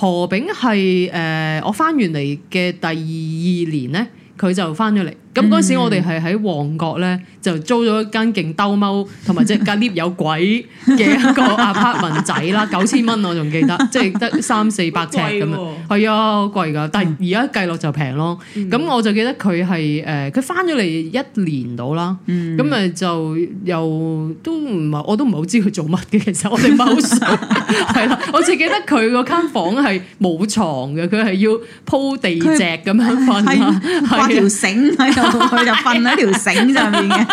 何炳係誒我返完嚟嘅第二年咧，佢就返咗嚟。咁嗰、嗯、時我哋係喺旺角咧，就租咗一間勁兜踎同埋即係間 lift 有鬼嘅一個 apartment 仔啦，九千蚊我仲記得，即係得三四百尺咁樣。係啊，貴㗎，但係而家計落就平咯。咁、嗯、我就記得佢係誒，佢翻咗嚟一年到啦，咁咪、嗯、就又都唔係，我都唔係好知佢做乜嘅。其實我哋唔係好熟，係啦， 我只記得佢個間房係冇床嘅，佢係要鋪地席咁樣瞓啊，掛條繩喺度。 佢就瞓喺條繩上面嘅。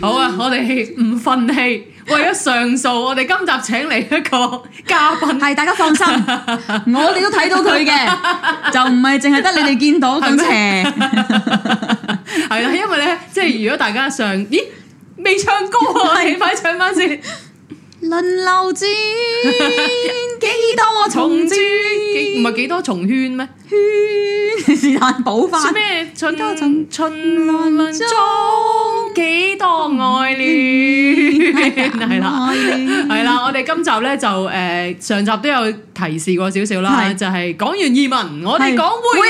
好啊，我哋唔憤氣，為咗上訴，我哋今集請嚟一個嘉賓，係大家放心，我哋都睇到佢嘅，就唔係淨係得你哋見到咁邪，係啦，因為咧，即係如果大家上咦？未唱歌啊！你快唱翻先。輪流轉，幾多重轉？唔係幾多重圈咩？圈是但補翻。咩春春春輪中，幾多愛戀？係啦，係啦，我哋今集咧就誒，上集都有提示過少少啦，就係講完移民，我哋講回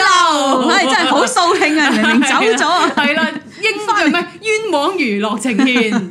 流，唉真係好掃興啊！明明走咗，係啦。英翻唔係冤枉娛樂呈現，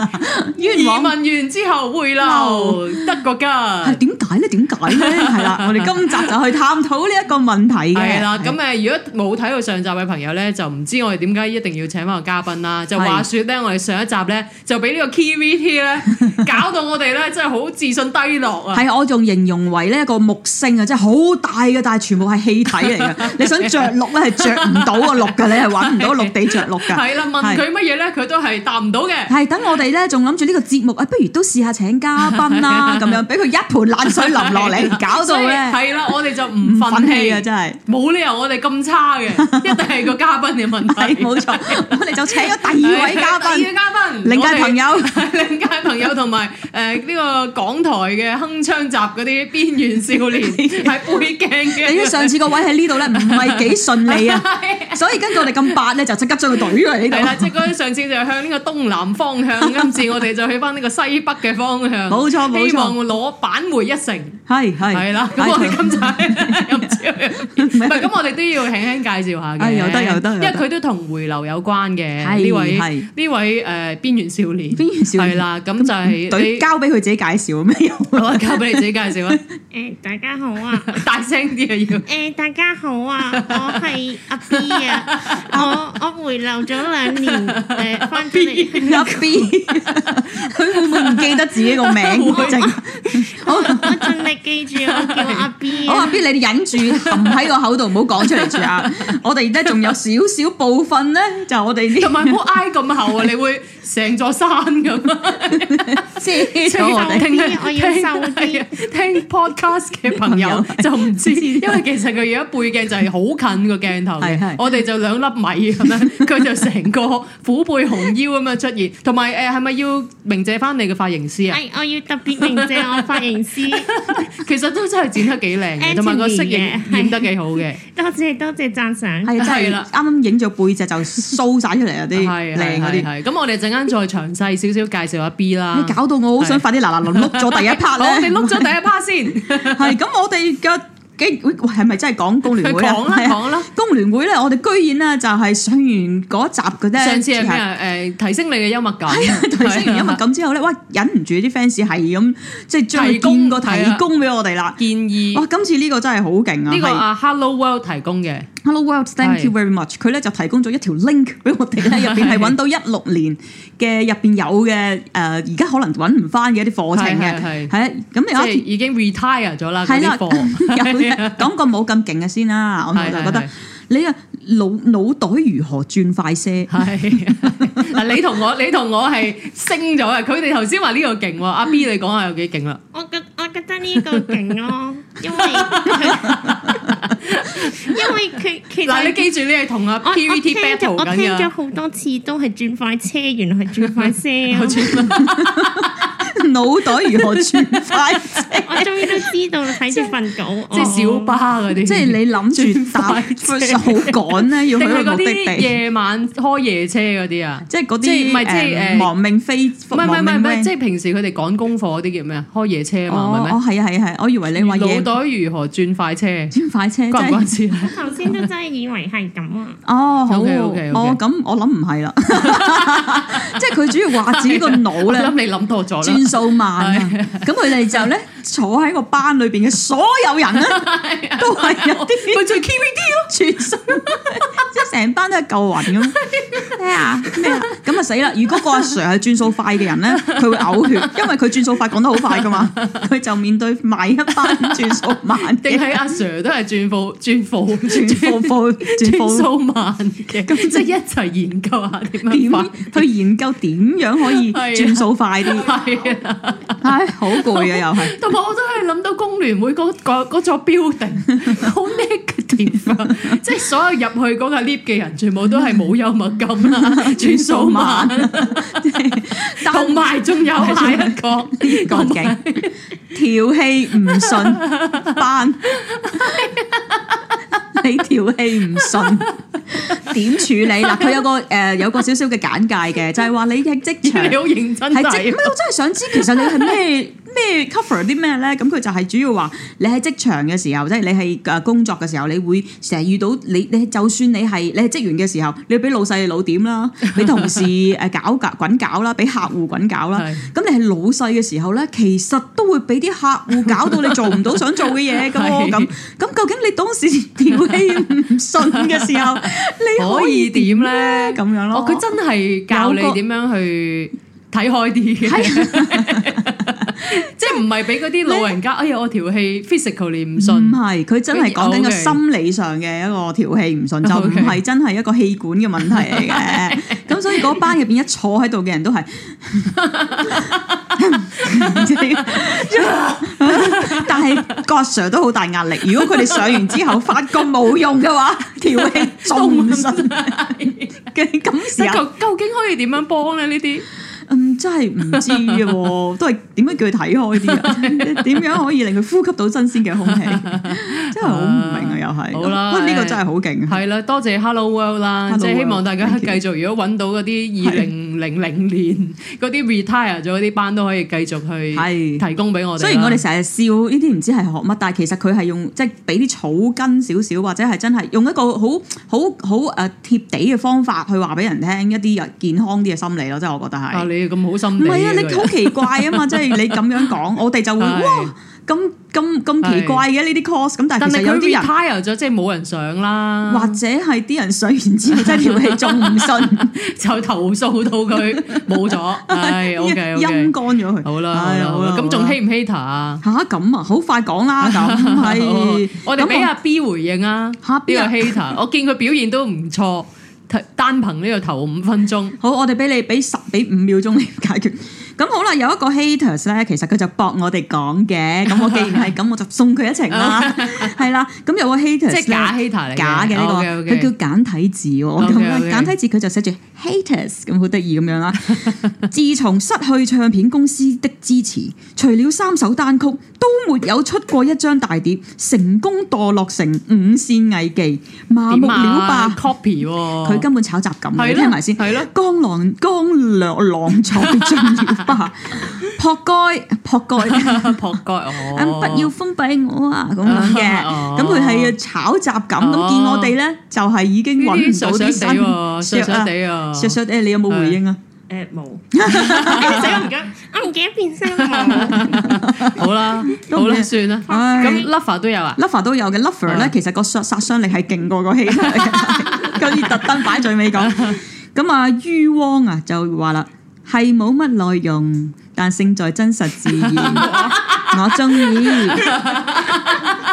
冤枉移民完之後回流得個家，係點解咧？點解咧？係啦，我哋今集就去探討呢一個問題嘅。係啦，咁誒，如果冇睇到上集嘅朋友咧，就唔知我哋點解一定要請返個嘉賓啦。就話說咧，我哋上一集咧就俾呢個 KVT 咧搞到我哋咧真係好自信低落啊。係，我仲形容為呢一個木星啊，真係好大嘅，但係全部係氣體嚟嘅。你想着陸咧，係着唔到個陸嘅，你係搵唔到陸地着陸嘅。係啦。佢乜嘢咧？佢都係答唔到嘅。係等我哋咧，仲諗住呢個節目啊，不如都試下請嘉賓啦，咁樣俾佢一盆冷水淋落嚟，搞到咧係啦，我哋就唔忿氣啊，真係冇理由我哋咁差嘅，一定係個嘉賓嘅問題。冇錯，我哋就請咗第二位嘉賓嘅嘉賓，鄰家朋友，鄰家朋友同埋誒呢個港台嘅鏗鏘集嗰啲邊緣少年，係背鏡嘅。由於上次個位喺呢度咧，唔係幾順利啊，所以跟住我哋咁八咧，就即刻將佢懟喺呢度。即係嗰啲上次就係向呢個東南方向，今次我哋就去翻呢個西北嘅方向。冇錯，冇錯。希望攞返回一成，係係係啦。唔係今次，唔係咁，我哋都要輕輕介紹下嘅。有得有得，因為佢都同回流有關嘅。呢位係呢位誒邊緣少年，邊緣少年係啦。咁就係你交俾佢自己介紹有咩用啊？交俾你自己介紹啊？誒，大家好啊！大聲啲啊要。誒，大家好啊！我係阿 B 啊，我我回流咗兩年誒翻出嚟阿 B，佢會唔會唔記得自己個名？我我盡力記住，我叫阿 B。我阿 B，你忍住，含喺個口度，唔好講出嚟住啊！我哋而家仲有少少部分咧，就我哋同埋唔好挨咁厚，你會成座山咁。先，我聽聽聽 podcast 嘅朋友就唔知，因為其實佢有一背鏡就係好近個鏡頭，我哋就兩粒米咁樣，佢就成個。虎背熊腰咁樣出現，同埋誒，係咪要鳴謝翻你嘅髮型師啊？係，我要特別鳴謝我髮型師，其實都真係剪得幾靚，同埋個適應影得幾好嘅。多謝多謝讚賞，係真係啦。啱啱影咗背脊就掃晒出嚟啊啲，係靚嗰啲係。咁我哋陣間再詳細少少介紹下 B 啦。搞到我好想快啲嗱嗱臨碌咗第一 part。你碌咗第一 part 先，係咁我哋嘅。驚喂，係咪真係講工聯會？講啦講啦，工聯會咧，我哋居然啊就係上完嗰集嘅啫。上次係咩啊？誒、呃，提升你嘅幽默感。啊、提升完幽默感之後咧， 哇，忍唔住啲 fans 係咁即係提供個提供俾我哋啦，建議。哇，今次呢個真係好勁啊！呢個 Hello World 提供嘅。Hello world, thank you very much。佢咧就提供咗一條 link 俾我哋咧，入邊係揾到一六年嘅入邊有嘅誒，而家可能揾唔翻嘅一啲課程嘅，係啊，咁你即係已經 retire 咗啦嗰啲課，有啲講個冇咁勁嘅先啦。我就覺得你個腦腦袋如何轉快些？係嗱，你同我你同我係升咗啊！佢哋頭先話呢個勁喎，阿 B 你講下有幾勁啊？我嘅。我覺得呢個勁咯，因為 因為佢 其實嗱， 你記住你係同阿 PVT battle 咁我聽咗好多次都係轉快車，原來係轉快聲。腦袋如何轉快車？我終於都知道睇這份稿，即係小巴嗰啲，即係你諗住轉快，手趕咧，要去目的地。夜晚開夜車嗰啲啊，即係嗰啲唔係即係誒亡命飛，唔係唔係唔係，即係平時佢哋趕功課嗰啲叫咩啊？開夜車啊？唔係咩？係啊係啊，我以為你話腦袋如何轉快車？轉快車，關唔關事？即係我頭先都真係以為係咁啊！哦，OK OK 哦咁我諗唔係啦。即係佢主要話自己個腦咧，轉數慢，咁佢哋就咧，坐喺個班裏邊嘅所有人咧，都係有啲去做 K V T 咯，轉數即係成班都係舊雲咁。咩啊咩啊？咁啊死啦！如果個阿 Sir 係轉數快嘅人咧，佢會嘔血，因為佢轉數快講得好快㗎嘛。佢就面對埋一班轉數慢。定係阿 Sir 都係轉數轉數轉數慢嘅，咁即係一齊研究下點樣去研究。又點樣可以轉數快啲？係啊，唉，好攰啊，又係。同埋我都係諗到工聯會嗰個座 building，好 negative 嘅地方？即係所有入去嗰個 lift 嘅人，全部都係冇幽默感啦，轉數慢。同埋仲有係一個啲環境調氣唔順班。你條氣唔順點處理嗱？佢有個誒有個少少嘅簡介嘅，就係話你喺職場好認真，係職咩？我真係想知，其實你係咩咩 cover 啲咩咧？咁佢就係主要話你喺職場嘅時候，即係你係誒工作嘅時候，你會成日遇到你你就算你係你係職員嘅時候，你俾老細老點啦，俾同事誒搞搞滾搞啦，俾客戶滾搞啦。咁你係老細嘅時候咧，其實都會俾啲客戶搞到你做唔到想做嘅嘢㗎嘛。咁咁究竟你當時點？唔信嘅時候，你可以點咧？咁樣咯，佢真係教你點樣去睇開啲嘅，即係唔係俾嗰啲老人家你 哎呀我條氣 physically 唔信。唔係，佢真係講緊個心理上嘅一個條氣唔順，Okay. 就唔係真係一個氣管嘅問題嚟嘅。Okay. 所以嗰班入邊一坐喺度嘅人都係， 但係個 Sir 都好大壓力。如果佢哋上完之後發覺冇用嘅話，條氣仲唔順，咁 在究竟可以點樣幫咧呢啲？嗯、真係唔知嘅，都係點樣叫佢睇開啲？點樣可以令佢呼吸到新鮮嘅空氣？真係好唔明啊！又係好啦，不過呢個真係好勁啊！係啦，多謝 Hello World 啦，Hello World，即係希望大家繼續。Thank you. 如果揾到嗰啲二零零零年嗰啲 retire 咗嗰啲班，都可以繼續去係提供俾我哋。雖然我哋成日笑呢啲唔知係學乜，但係其實佢係用即係俾啲草根少少，或者係真係用一個好好好誒貼地嘅方法去話俾人聽一啲健康啲嘅心理咯。即係 我覺得係咁好心，唔係啊！你好奇怪啊嘛，即係你咁樣講，我哋就會哇，咁咁咁奇怪嘅呢啲 c o s 咁但係有啲人，即係冇人上啦，或者係啲人上完之後即係跳起仲唔順，就投訴到佢冇咗，唉，OK，陰乾咗佢，好啦，好啦，咁仲希唔希 e 啊？吓咁啊，好快講啦，咁係我哋俾阿 B 回應啊，吓 B 又 h 我見佢表現都唔錯。單憑呢個頭五分鐘，好，我哋俾你俾十，俾五秒鐘你解決。咁好啦，有一個 haters 咧，其實佢就駁我哋講嘅，咁我既然係咁，我就送佢一程啦，係啦，咁有個 haters，即係假 haters 嚟，假嘅呢個，佢叫簡體字喎，咁簡體字佢就寫住 haters 咁好得意咁樣啦。自從失去唱片公司的支持，除了三首單曲，都沒有出過一張大碟，成功墮落成五線藝伎，麻木了吧 copy，佢根本炒雜咁，你聽埋先，係咯，江郎江郎郎才盡。仆街仆街仆街，我唔不要封閉我啊，咁樣嘅，咁佢係要炒雜咁，咁見我哋咧就係已經揾唔到啲新，想想地啊，想想地啊，你有冇回應啊？誒冇，死我唔驚，我唔驚變聲啊！好啦，好啦，算啦，咁 lover 都有啊，lover 都有嘅，lover 咧其實個傷殺傷力係勁過個氣，跟住特登擺最尾講，咁啊于汪啊就話啦。係冇乜內容，但勝在真實自然， 我鍾喜意。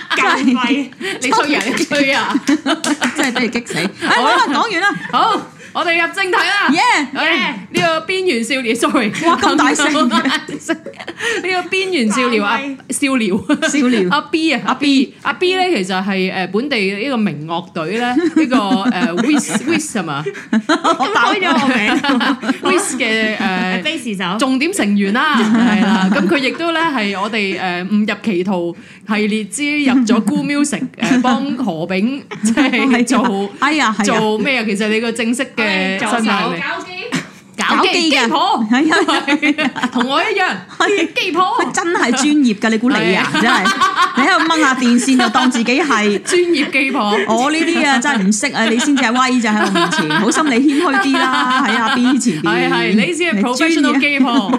介費， 你吹啊！你吹啊！真係俾你激死。好啦，講完啦，好。我哋入正題啦！呢個邊緣少年 Sorry，哇咁大聲！呢個邊緣少年啊，少年少年阿 B 啊，阿 B 阿 B 咧，其實係誒本地嘅一個名樂隊咧，呢個誒 Whizz Whizz 係嘛？咁開咗個 Whizz 嘅，誒，重點成員啦，係啦。咁佢亦都咧係我哋誒誤入歧途系列之入咗 Goomusic，誒幫何炳即係做，哎呀做咩啊？其實你個正式嘅。有時候搞機，搞機嘅機婆，係啊，同我一樣係機婆，佢真係專業噶，你估你啊？真係你喺度掹下電線就當自己係專業機婆，我呢啲啊真係唔識啊，你先至係威，就喺我面前好心理謙虛啲啦，係啊，阿 B 面前係係，你先係專業機婆。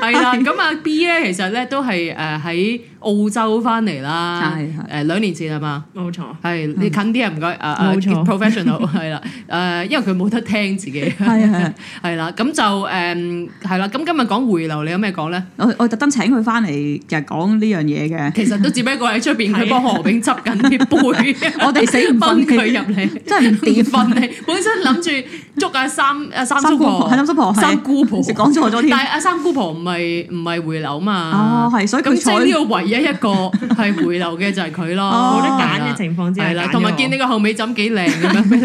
係啦，咁阿 B 咧，其實咧都係誒喺澳洲翻嚟啦，係係誒兩年前係嘛，冇錯，係你近啲啊，唔該啊，冇錯，professional 係啦，誒，因為佢冇得聽自己，係係係啦，咁就誒係啦，咁今日講回流，你有咩講咧？我我特登請佢翻嚟，日實講呢樣嘢嘅，其實都只不過喺出邊，佢幫何炳執緊啲杯，我哋死分佢入嚟，真係唔掂分你，本身諗住捉阿三阿三姑婆，係三姑婆，三姑婆講錯咗但係阿三姑婆。唔係唔係回流嘛？哦，係，所以咁即係呢個唯一一個係回流嘅就係佢咯，冇得揀嘅情況之下對。係啦擇，同埋見你個後尾枕幾靚咁樣，俾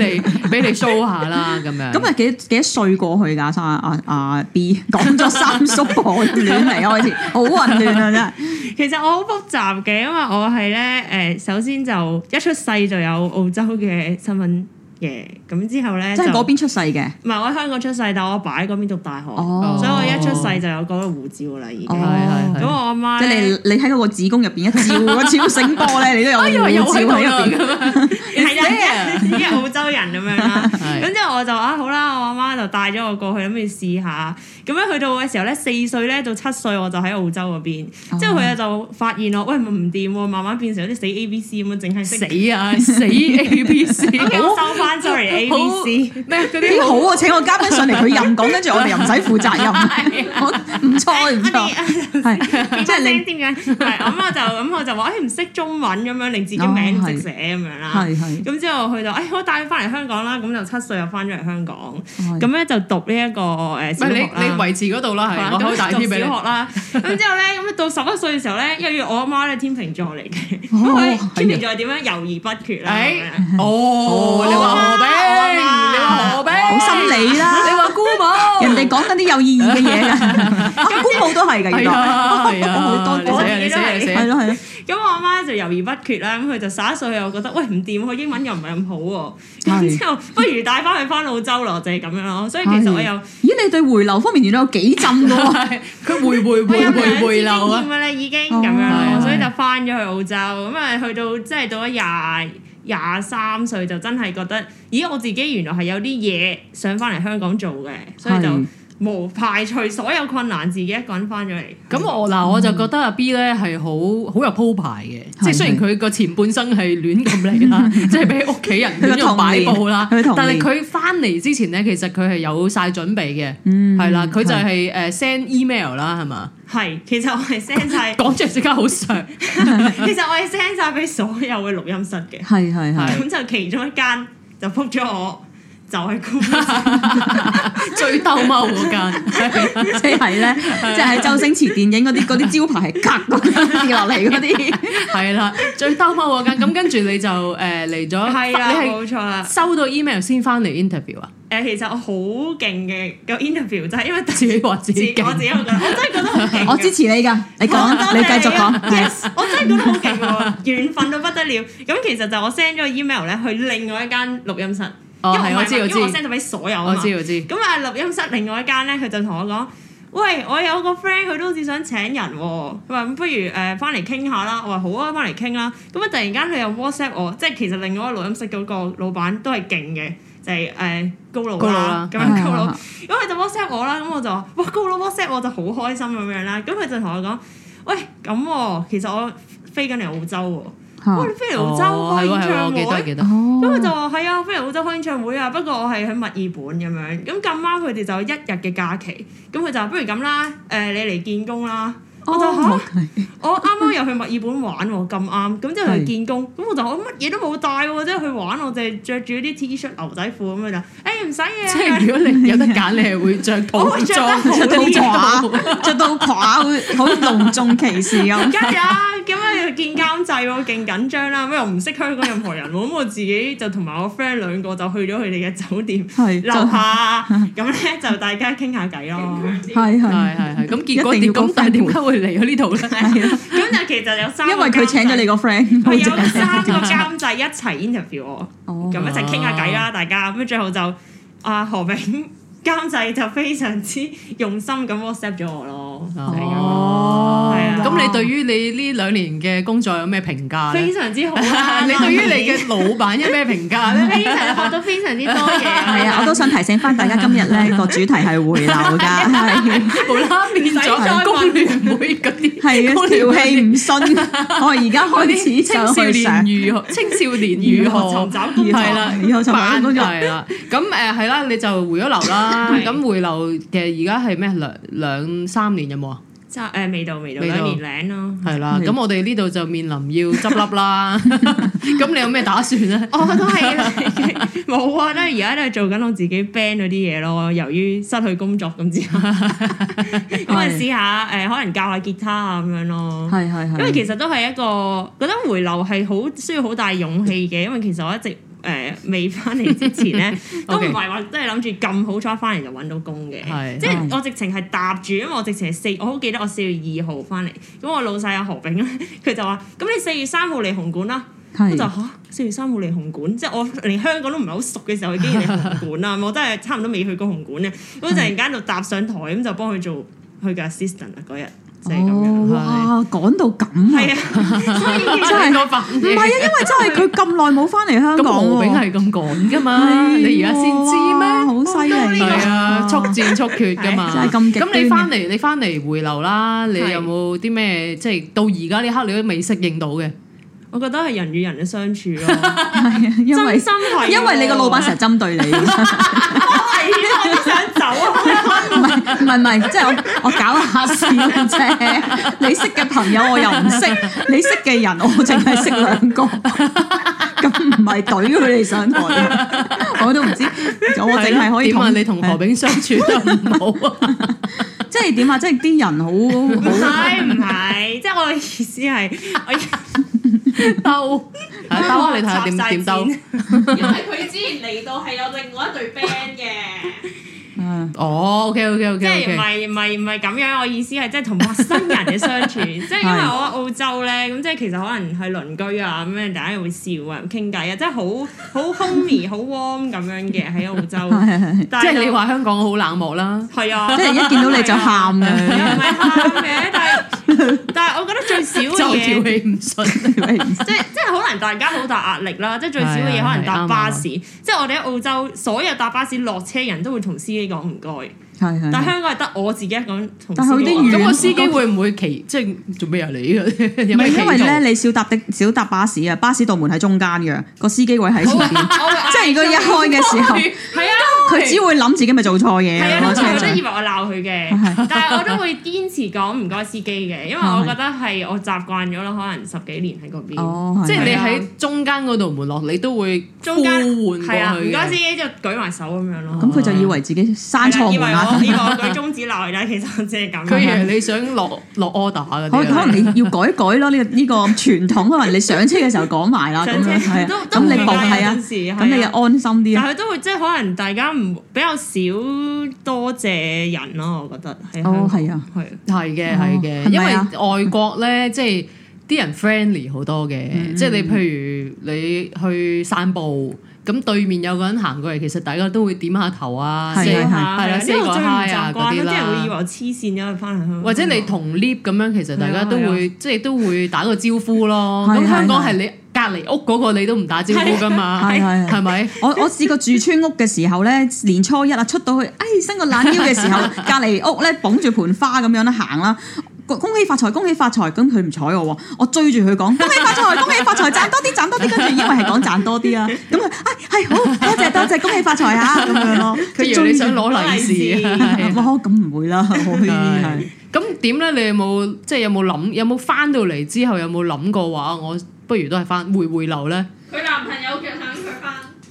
你俾你 show 下啦咁樣。咁係幾幾多歲過去㗎？生阿阿 B 講咗三叔婆亂嚟開始，好混亂啊！真係，其實我好複雜嘅，因為我係咧誒，首先就一出世就有澳洲嘅身份。嘅，咁之後咧，即係嗰邊出世嘅，唔係我喺香港出世，但係我阿爸喺嗰邊讀大學，哦、所以我一出世就有嗰個護照啦，已經、哦。係係咁我阿媽，媽即係你你喺嗰個子宮入邊一照嗰照 醒波咧，你都有以護照喺入邊。係啊，己家、啊、 澳洲人咁樣啦。 咁之後我就啊好啦，我阿媽就帶咗我過去諗住試下，咁樣去到嘅時候咧，四歲咧到七歲我就喺澳洲嗰邊，之後佢咧就發現我，喂，唔掂，慢慢變成啲死 A B C 咁樣，淨係識死啊死 A B C，我收翻 sorry A B C 咩嗰啲好啊？請我嘉賓上嚟，佢又唔講，跟住我哋又唔使負責任，我唔錯，唔錯，係即係你係我就咁我就話誒唔識中文咁樣，令自己名唔識寫咁樣啦，係，係，咁之後佢就誒我帶佢翻嚟香港啦，咁就七歲。又翻咗嚟香港，咁咧就讀呢一個誒，唔係你你維持嗰度啦，係咯，讀小學啦。咁之後咧，咁啊到十一歲嘅時候咧，因為我阿媽咧天秤座嚟嘅，天秤座係點樣猶豫不決咧？哦，你話何必？你話何必？好心理啦，你話姑母？人哋講緊啲有意義嘅嘢嘅，姑母都係噶，咁多好多，死嚟死嚟死，係咯係咯。咁我阿媽咧就猶豫不決啦，咁佢就十一歲佢又覺得喂唔掂，我英文又唔係咁好，咁之後不如帶。翻去翻澳洲咯，就係、是、咁樣咯，所以其實我又，咦、欸，你對回流方面原來有幾浸㗎，佢 回回回回回流啊！已經咁樣咯，哦、所以就翻咗去澳洲，咁啊、哦，去到即係到咗廿廿三歲，就真係覺得，咦？我自己原來係有啲嘢想翻嚟香港做嘅，所以就。冇排除所有困難，自己一個人翻咗嚟。咁我嗱，我就覺得阿 B 咧係好好有鋪排嘅，即係雖然佢個前半生係亂咁嚟啦，即係俾屋企人亂咁擺佈啦，但係佢翻嚟之前咧，其實佢係有晒準備嘅，係啦，佢就係誒 send email 啦，係嘛？係，其實我係 send 曬講出嚟即刻好上，其實我係 send 晒俾所有嘅錄音室嘅，係係係，咁就其中一間就覆咗我。就係最兜踎嗰間，即係咧，即係周星馳電影嗰啲啲招牌，係隔嗰間跌落嚟嗰啲，係啦，最兜踎嗰間。咁跟住你就誒嚟咗，係啊，冇錯啦。收到 email 先翻嚟 interview 啊？誒，其實我好勁嘅個 interview，就係因為自己畫自己我自己覺得，我真係覺得好勁。我支持你㗎，你講，你繼續講。我真係覺得好勁喎，緣分到不得了。咁其實就我 send 咗個 email 咧去另外一間錄音室。因為我，哦、我知道，我知道因為我 send 咗俾所有啊嘛。我知我知。咁啊，錄音室另外一間咧，佢就同我講： 喂，我有個 friend，佢都好似想請人喎。佢話：不如誒翻嚟傾下啦。我話：好啊，翻嚟傾啦。咁啊，突然間佢又 WhatsApp 我，即係其實另外一個錄音室嗰個老闆都係勁嘅，就係誒高佬啦咁樣高佬。咁佢 就 WhatsApp 我啦，咁我就哇高佬 WhatsApp 我就好開心咁樣啦。咁佢就同我講：喂，咁喎，其實我飛緊嚟澳洲喎。哇！你飛嚟澳洲開演唱會，咁佢就話：係啊，我飛嚟澳洲開演唱會啊。不過我係喺墨爾本咁樣。咁咁啱佢哋就一日嘅假期，咁佢就話：不如咁啦，誒你嚟見工啦。我就話，我啱啱又去墨爾本玩喎，咁啱。咁之後就見工，咁我就我乜嘢都冇帶，即係去玩，我淨係著住啲 T 恤牛仔褲咁樣就。誒唔使嘅，即係如果你有得揀，你係會著套裝，著到垮，著到垮會好隆重其事啊！唔得呀，幾蚊？見監製我勁緊張啦，咁又唔識香港任何人，咁我自己就同埋我 friend 兩個就去咗佢哋嘅酒店樓下，咁咧就大家傾下偈咯。係係係係，咁結果，點解突然間會嚟咗呢度咧？咁就其實有三個，因為佢請咗你個 friend，佢有三個監製一齊 interview 我，咁一齊傾下偈啦，大家咁最後就阿何炳監製就非常之用心咁 whatsapp 咗我咯。哦。咁你對於你呢兩年嘅工作有咩評價咧？非常之好啦！你對於你嘅老闆有咩評價咧？非常學到非常之多嘢。係啊，我都想提醒翻大家，今日咧個主題係回流㗎，係啦，唔咗，再工聯會嗰啲，係啊，條氣唔新。我而家開始青少年如何青少年如何尋找熱潮？係啦，咁誒係啦，你就回咗流啦。咁回流嘅而家係咩？兩兩三年有冇啊？即係誒未到未到嘅年齡咯，係啦，咁我哋呢度就面臨要執笠啦。咁 你有咩打算咧？我、哦、都係啊，冇啊，咧而家都係做緊我自己 band 嗰啲嘢咯。由於失去工作咁之後，咁 咪 是試下誒，可能教下吉他咁樣咯。係因為其實都係一個覺得回流係好需要好大勇氣嘅，因為其實我一直。誒未翻嚟之前咧，都唔係話真係諗住咁好彩翻嚟就揾到工嘅， 即係我直情係搭住，因為我直情係四，我好記得我四月二號翻嚟，咁我老細阿、啊、何炳咧，佢就話，咁你四月三號嚟紅館啦，咁 就吓四月三號嚟紅館，即係我連香港都唔係好熟嘅時候，佢竟然嚟紅館啦， 我都係差唔多未去過紅館咧，咁突然間就搭上台咁就幫佢做佢嘅 assistant 啦嗰日。哦，哇，趕到咁係啊！真係我白唔係啊，因為真係佢咁耐冇翻嚟香港喎。咁毛病係咁趕噶嘛？你而家先知咩？好犀利係啊！速戰速決噶嘛？咁你翻嚟，你翻嚟回流啦。你有冇啲咩？即係到而家呢刻，你都未適應到嘅。我覺得係人與人嘅相處咯，因為真係，因為你個老闆成日針對你。走啊！ 唔係唔係唔係，即係我我搞下事啫。你識嘅朋友我又唔識，你識嘅人我淨係識兩個，咁唔係對佢哋上台，我都唔知。我淨係可以點、啊、你同何炳相處得唔好啊， 啊？即係點啊？ 即係啲人好？唔係，唔係。即係我嘅意思係，我兜，兜 鬥你睇下點點兜。因為佢之前嚟到係有另外一對 band 嘅。 哦、oh，OK OK OK，即係唔係唔係唔係咁樣？我意思係即係同陌生人嘅相處， 即係因為我喺澳洲咧，咁即係其實可能係鄰居啊，咁樣大家又會笑啊、傾偈啊，即係好好 homie、好 warm 咁樣嘅喺澳洲。Y, 澳洲 但係你話香港好冷漠啦，係啊，即係一見到你就喊嘅。唔係喊嘅，但係 但係我覺得最少嘅嘢，唔順， 即係即係可能大家好大壓力啦。即係最少嘅嘢可能搭巴士，即係 我哋喺澳洲，所有搭巴士落車人都會同司。呢個唔該，但香港係得我自己一個人同。但係啲如果個司機會唔會企，即係做咩啊？你 嗰因為咧，你少搭的少搭巴士啊，巴士道門喺中間嘅，個司機位喺前邊， 即係如果一開嘅時候。 佢只會諗自己咪做錯嘢，係啊，我真係以為我鬧佢嘅，但係我都會堅持講唔該司機嘅，因為我覺得係我習慣咗咯，可能十幾年喺嗰邊，即係你喺中間嗰度門落，你都會顧換過去唔該司機，就舉埋手咁樣咯。咁佢就以為自己閂錯嘅，以為我以為我舉中指鬧佢啦，其實即係咁。佢以為你想落落 order 可能你要改一改咯呢？呢個傳統可能你上車嘅時候講埋啦，咁樣係啊。咁你搏係啊，咁你又安心啲。但佢都會即係可能大家。比較少多謝人咯，我覺得喺香港係啊，係嘅係嘅，因為外國咧，即係啲人 friendly 好多嘅，即係你譬如你去散步，咁對面有個人行過嚟，其實大家都會點下頭啊 s a 係啦，即係會以為我或者你同 lift 咁樣，其實大家都會即係都會打個招呼咯。咁香港係你。隔籬屋嗰個你都唔打招呼㗎嘛，係係係咪？我我試過住村屋嘅時候咧，年初一啊出到去，哎伸個懶腰嘅時候，隔籬屋咧捧住盆花咁樣咧行啦。恭喜發財，恭喜發財。咁佢唔睬我喎，我追住佢講恭喜發財，恭喜發財。」賺多啲，賺多啲，跟住因為係講賺多啲啦，咁啊，係、哎、好多謝多謝，多謝恭喜發財啊咁樣咯。佢以為你想攞利是，是是哇，咁唔會啦，咁點咧？你有冇即係有冇諗、就是？有冇返到嚟之後有冇諗過話？我不如都係返回，回回流咧。佢男朋友嘅。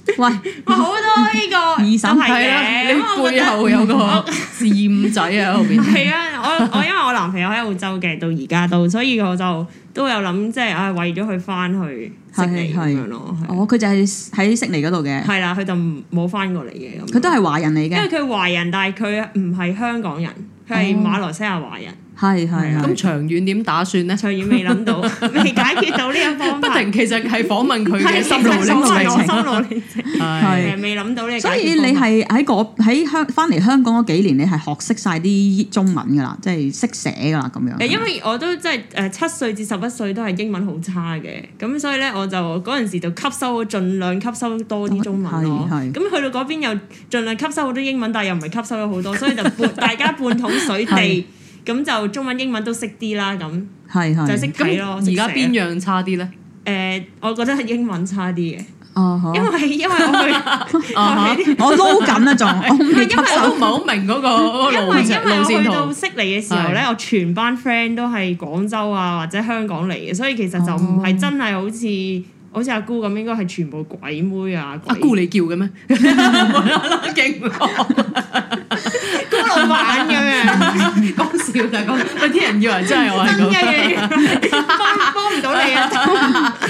喂，好多呢個都係嘅，咁你背後有個二五仔喺後邊。係啊，我我因為我男朋友喺澳洲嘅，到而家都，所以我就都有諗，即係啊為咗佢翻去悉尼咁樣咯。哦，佢、啊、就係喺悉尼嗰度嘅。係啦，佢就冇翻過嚟嘅咁。佢都係華人嚟嘅。因為佢華人，但係佢唔係香港人，佢係馬來西亞華人。哦。係係啊！咁是長遠點打算咧？長遠未諗到，未解決到呢一方。 不停，其實係訪問佢嘅心路歷程，心路歷程係未諗到呢。所以你係喺嗰喺香翻嚟香港嗰幾年，你係學識晒啲中文㗎啦，即係識寫㗎啦咁樣。因為我都即係誒七歲至十一歲都係英文好差嘅，咁所以咧我就嗰陣時就吸收，儘量吸收多啲中文咯。咁去到嗰邊又儘量吸收好多英文，但係又唔係吸收咗好多，所以就 大家半桶水地。咁就中文英文都識啲啦，咁就識睇咯。而家邊樣差啲咧？誒，我覺得係英文差啲嘅，因為因為我去我撈緊啊，仲係因為我都唔係好明嗰個，因為因為我去到悉尼嘅時候咧，我全班 friend 都係廣州啊或者香港嚟嘅，所以其實就唔係真係好似好似阿姑咁，應該係全部鬼妹啊！阿姑你叫嘅咩？勁咯！咁樣講笑就係講，有啲人以為真係我係咁的， 幫 幫唔到你啊！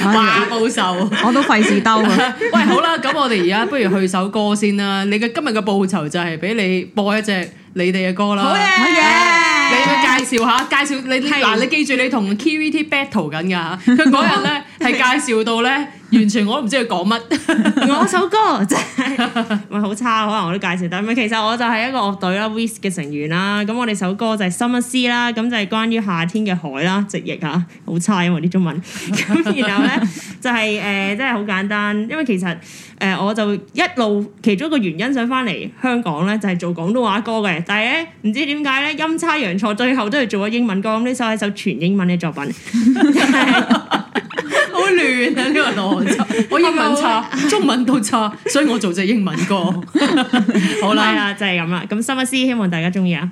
霸報酬， 我都費事兜。 喂，好啦，咁我哋而家不如去首歌先啦。你嘅今日嘅報酬就係俾你播一隻你哋嘅歌啦。好嘅棒、啊，你介紹下，介紹你嗱是、啊，你記住你同 Kiri T battle 緊噶，佢嗰日咧係介紹到咧。 是完全我都唔知佢講乜，我首歌真係咪好差？可能我都介紹，但咪其實我就係一個樂隊啦 Whizz 嘅成員啦。咁我哋首歌就係《Summer Sea》啦，咁就係關於夏天嘅海啦，直譯啊，好差，因為啲中文。咁然後呢，就係、是、誒、呃，真係好簡單，因為其實誒、呃、我就一路其中一個原因想翻嚟香港、就是、呢，就係做廣東話歌嘅。但係呢，唔知點解呢，陰差陽錯，最後都係做咗英文歌。咁呢首係一首全英文嘅作品。 好亂啊！呢個導航我英文差，中文都差， 所以我做隻英文歌。 好啦吧，就係咁啦。咁 Summer Sea 希望大家中意。啊。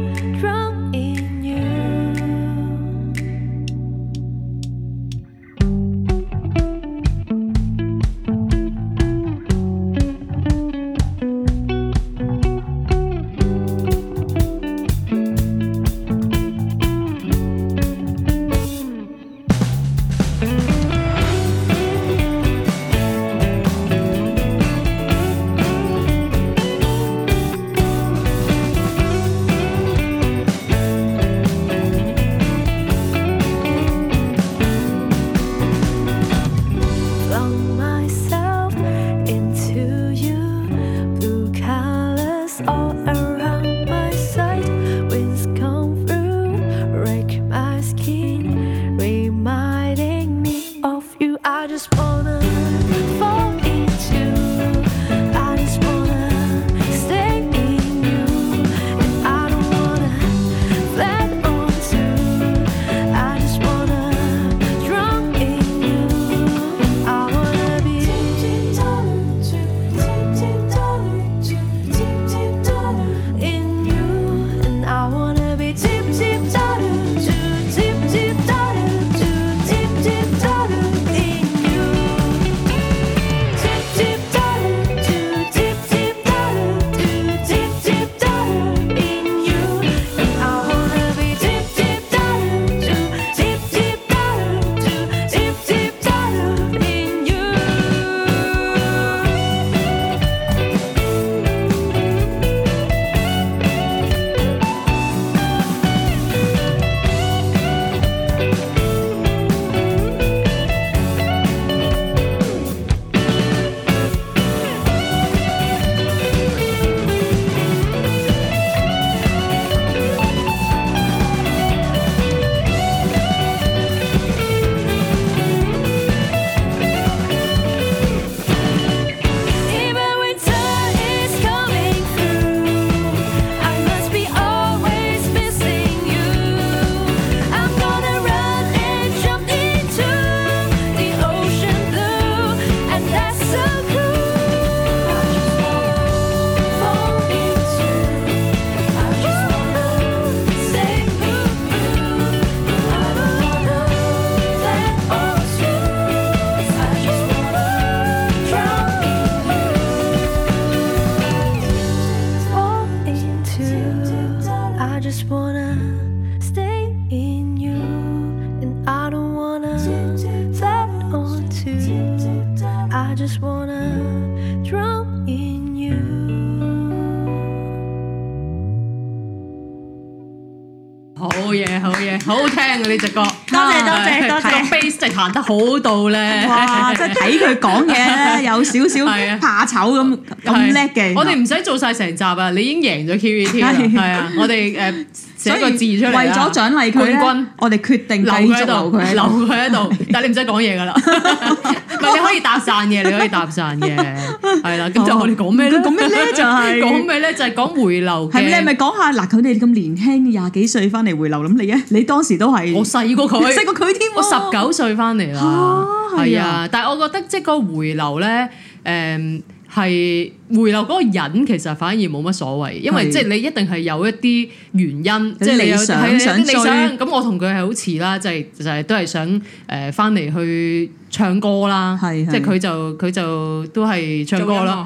好到咧，哇！ 即係睇佢講嘢咧， 有少少怕醜咁咁叻嘅。我哋唔使做晒成集啊！你已經贏咗 QVT 啦，係啊！我哋誒。寫個字出嚟，為咗獎勵冠軍，我哋決定留佢喺度，留佢喺度。是的 但係你唔使講嘢噶啦，係 哇 你可以搭訕嘅，你可以搭訕嘅，係啦、哦。咁就我哋講咩咧？講咩咧？就係、是、講、就是、回流。係咪？係咪講下嗱？佢哋咁年輕，廿幾歲翻嚟回流，諗你吖？你當時都係我細過佢，細過佢添、哦。我十九歲翻嚟啦，係啊。但係我覺得即係個回流咧，誒、嗯。係回流嗰個人其實反而冇乜所謂，因為即係你一定係有一啲原因，即係想你有想想咁，我同佢係好似啦，就係、是、就係都係想誒翻嚟去唱歌啦，係即係佢就佢就都係唱歌啦，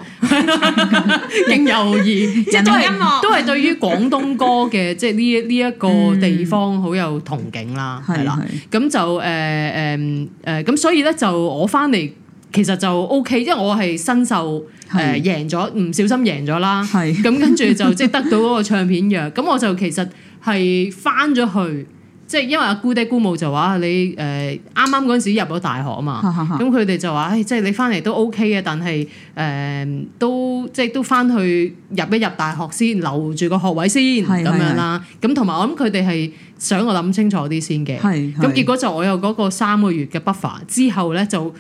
迎有誼，即係著 都係都係對於廣東歌嘅即係呢呢一個地方好有憧憬啦，係啦、嗯，咁是就誒誒誒咁，所以咧就我翻嚟。其實就 O、OK, K，因為我係新秀誒是、呃、贏咗唔小心贏咗啦，咁是跟住就即係得到嗰個唱片嘅。咁我就其實係翻咗去，即係因為阿姑爹姑母就話你誒啱啱嗰陣時入咗大學啊嘛，咁佢哋就話誒、欸 OK, 呃、即係你翻嚟都 O K 嘅，但係誒都即係都翻去入一入大學先留住個學位先咁是樣啦。咁同埋我諗佢哋係想我諗清楚啲先嘅。咁結果就我有嗰個三個月嘅 buffer, 之後咧就。就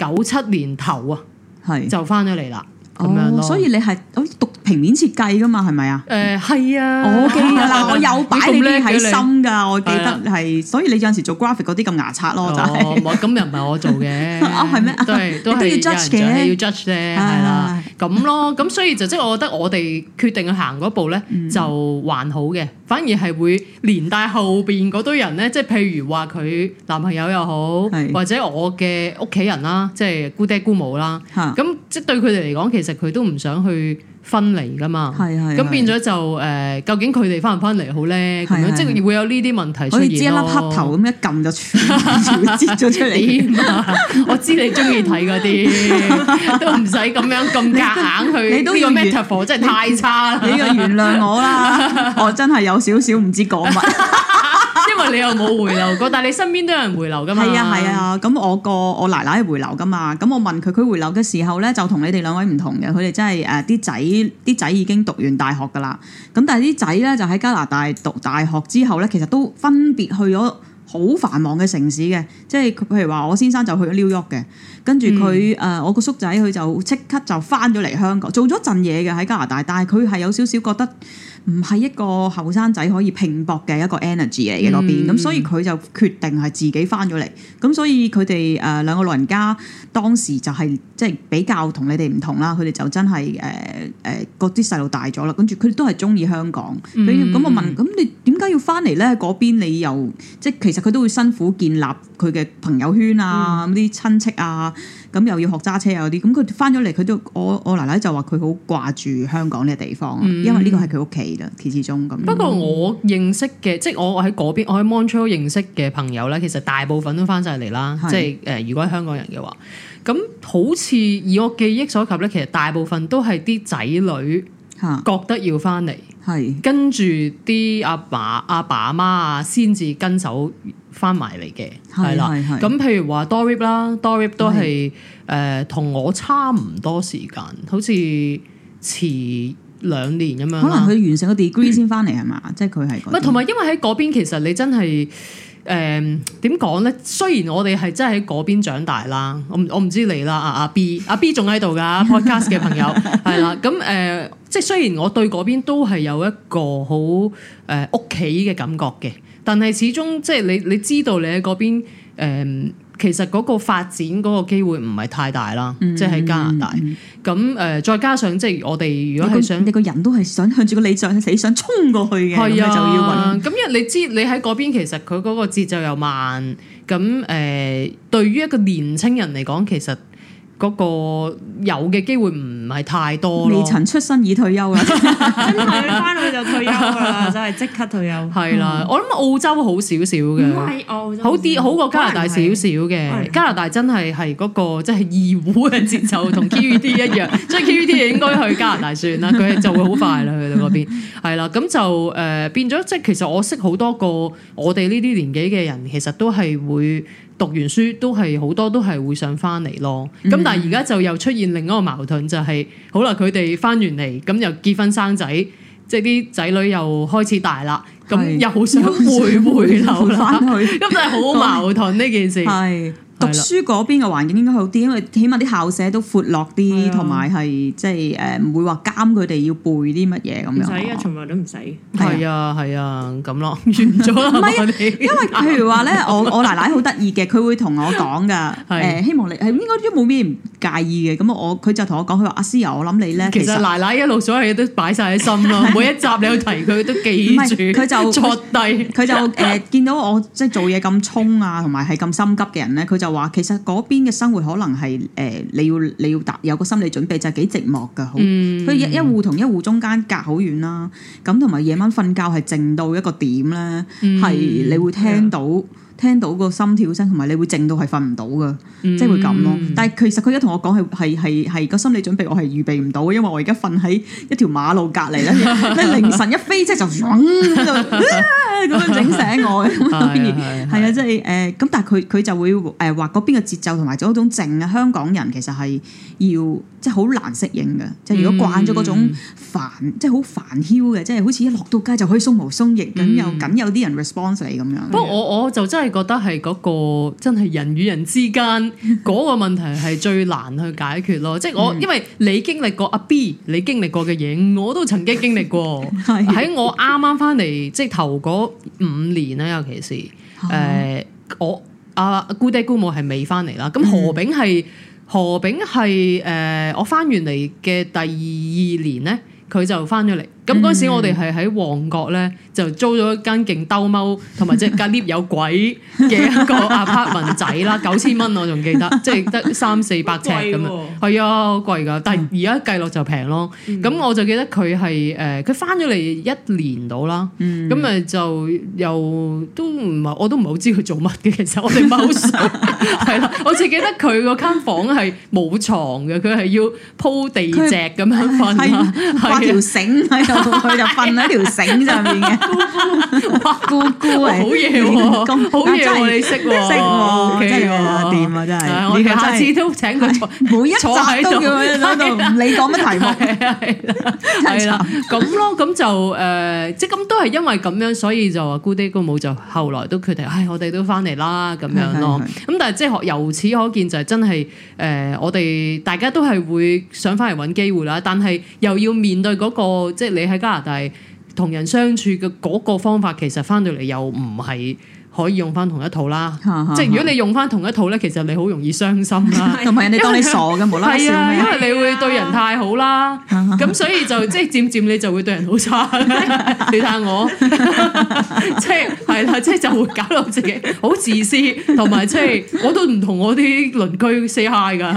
九七年頭啊，是就翻咗嚟啦。哦，所以你係好似讀平面設計噶嘛，係咪啊？誒係啊，我記得啦，我有擺你喺心噶，我記得係，所以你有時做 graphic 嗰啲咁牙刷咯，就係。咁又唔係我做嘅。啊，係咩？都係都要 judge 嘅，要 judge 啫，係啦，咁咯，咁所以就即係我覺得我哋決定去行嗰步咧，就還好嘅，反而係會連帶後邊嗰堆人咧，即係譬如話佢男朋友又好，或者我嘅屋企人啦，即係姑爹姑母啦，咁即係對佢哋嚟講其實。佢都唔想去分離噶嘛，係係，咁變咗就誒，究竟佢哋翻唔翻嚟好咧？咁樣即係會有呢啲問題出現咯。我一粒黑頭咁一撳就全全部擠咗出嚟。我知你中意睇嗰啲，都唔使咁樣咁夾硬去。你都要 metaphor，真係太差。你要原諒我啦，我真係有少少唔知講乜。 因為你又冇回流過，但係你身邊都有人回流噶嘛。係啊係啊，咁、啊、我個我奶奶係回流噶嘛。咁我問佢，佢回流嘅時候咧，就同你哋兩位唔同嘅。佢哋真係誒啲仔啲仔已經讀完大學㗎啦。咁但係啲仔咧就喺加拿大讀大學之後咧，其實都分別去咗，好繁忙嘅城市嘅，即係譬如話我先生就去咗 New York 嘅，跟住佢誒，我個叔仔佢就即刻就翻咗嚟香港做咗陣嘢嘅喺加拿大，但係佢係有少少覺得唔係一個後生仔可以拼搏嘅一個 energy 嚟嘅嗰邊，咁、嗯、所以佢就決定係自己翻咗嚟，咁所以佢哋誒兩個老人家當時就係即係比較你同你哋唔同啦，佢哋就真係誒誒，啲細路大咗啦，跟住佢哋都係中意香港，咁、嗯嗯、我問，咁你點解要翻嚟咧？嗰邊你又即係其實。佢都會辛苦建立佢嘅朋友圈啊，啲親戚啊，咁又要學揸車啊嗰啲，咁佢翻咗嚟，佢都我我奶奶就話佢好掛住香港呢個地方，嗯、因為呢個係佢屋企啦，始終咁。不過我認識嘅，即係我喺嗰邊，我喺 Montreal 認識嘅朋友咧，其實大部分都翻晒嚟啦。是即係誒、呃，如果係香港人嘅話，咁好似以我記憶所及咧，其實大部分都係啲仔女覺得要翻嚟。係是跟住啲阿爸阿爸阿媽啊，先至跟手翻埋嚟嘅，係啦。咁譬如話 Dorib 啦 Dorib 都係誒同我差唔多時間，好似遲兩年咁樣。可能佢完成個 degree 先翻嚟啊嘛，即係佢係。咁係同埋，就是、是因為喺嗰邊其實你真係。誒，點講咧？雖然我哋係真係喺嗰邊長大啦，我唔我唔知你啦、啊，阿阿 B，阿、啊、B 仲喺度噶 Podcast 嘅朋友係啦，咁誒、 啊嗯嗯，即係雖然我對嗰邊都係有一個好誒屋企嘅感覺嘅，但係始終即係你你知道你喺嗰邊誒。嗯其實嗰個發展嗰個機會唔係太大啦，嗯、即係加拿大。咁誒、嗯呃，再加上即係我哋如果係想你個，你個人都係想向住個理想、理想衝過去嘅，係啊，就要搵。咁、嗯、因為你知你喺嗰邊，其實佢嗰個節奏又慢。咁誒、呃，對於一個年青人嚟講，其實。嗰個有嘅機會唔係太多咯，未曾出生已退休嘅， 真係返去就退休噶啦，真係即刻退休係啦。嗯、我諗澳洲好少少嘅，澳洲好啲好過加拿大少少嘅。是加拿大真係係嗰個即係、就是、二胡嘅節奏同 K V d 一樣，即係 K V d 就應該去加拿大算啦。佢就會好快啦，去到嗰邊係啦。咁就誒變咗，即、呃、係其實我識好多個我哋呢啲年紀嘅人，其實都係會。讀完書都係好多都係會想翻嚟咯，咁、嗯、但係而家就又出現另一個矛盾就係、是，好啦，佢哋翻完嚟咁又結婚生仔，即係啲仔女又開始大啦，咁是又好想回回流翻去，咁真係好矛盾呢件事。 讀書嗰邊嘅環境應該好啲，因為起碼啲校舍都闊落啲，同埋係即係誒唔會話監佢哋要背啲乜嘢咁樣。唔使啊，從來都唔使。係啊係啊，咁咯，完咗。唔係，因為譬如話咧，我我奶奶好得意嘅，佢會同我講噶，誒希望你係應該都冇咩唔介意嘅。咁啊，我佢就同我講，佢話阿思瑩，我諗你咧其實奶奶一路所有嘢都擺晒喺心咯，每一集你去提佢都記住，佢就坐低，佢就誒見到我即係做嘢咁衝啊，同埋係咁心急嘅人咧，佢就。話其實嗰邊嘅生活可能係誒、呃，你要你要有有個心理準備，就係、是、幾寂寞噶。佢、嗯、一戶同一戶中間隔好遠啦，咁同埋夜晚瞓覺係靜到一個點咧，係、嗯、你會聽到。嗯 聽到個心跳聲，同埋你會靜到係瞓唔到嘅，即係會咁咯。但係其實佢而家同我講係係係係個心理準備，我係預備唔到，因為我而家瞓喺一條馬路隔離咧， 凌晨一飛即就咁、啊、樣整醒我咁樣。係啊，即係誒咁，但係佢佢就會誒話嗰邊嘅節奏同埋嗰種靜啊，香港人其實係要即係好難適應嘅，即係、嗯、如果慣咗嗰種煩，即係好煩囂嘅，即、就、係、係、好似一落到街就可以鬆毛鬆翼咁，又咁有啲人 response 你咁樣。不過的我我就真係～我覺得係嗰、那個真係人與人之間嗰、那個問題係最難去解決咯，即係我因為你經歷過阿 B，你經歷過嘅嘢，我都曾經經歷過。喺 是的 我啱啱翻嚟，即係頭嗰五年啦，尤其是誒、 呃、我阿、啊、姑爹姑母係未翻嚟啦。咁何炳係何炳係誒我翻完嚟嘅第二年咧，佢就翻咗嚟。咁嗰、嗯、時我哋係喺旺角咧，就租咗一間勁兜踎同埋即係間 lift 有鬼嘅一個 apartment 仔啦，九千蚊我仲記，記得，即係得三四百尺咁樣。係貴、欸、啊，貴㗎，但係而家計落就平咯。咁、嗯、我就記得佢係誒，佢翻咗嚟一年到啦，咁咪、嗯、就又都唔係，我都唔係好知佢做乜嘅。其實我哋唔係好熟，係 啦，我只記得佢個間房係冇床嘅，佢係要鋪地席咁樣瞓他啊，掛條繩喺度。 佢就瞓喺條繩上面嘅。姑姑，姑姑，好嘢喎！好嘢喎！你識識喎，真係點啊？真係，我下次都請佢坐，每一集都咁樣啦，唔理講乜題目。係啦，係啦，咁咯，咁就誒，即係咁，都係因為咁樣，所以就姑爹姑母就後來都決定，唉，我哋都翻嚟啦，咁樣咯，咁但係即係由此可見就係真係，誒，我哋大家都係會想翻嚟揾機會啦，但係又要面對嗰個，即係你。喺加拿大同人相處嘅嗰個方法，其實返到嚟又唔係，可以用翻同一套啦，呵即係如果你用翻同一套咧，其實你好容易傷心啦，同埋你當你傻嘅為無啦啦笑係啊，因為你會對人太好啦，咁是、啊、所以就即係漸漸你就會對人好差啦。 你睇下我， 即係係啦，即係就係、會搞到自己好自私，同埋即係我都唔同我啲鄰居 say hi 噶，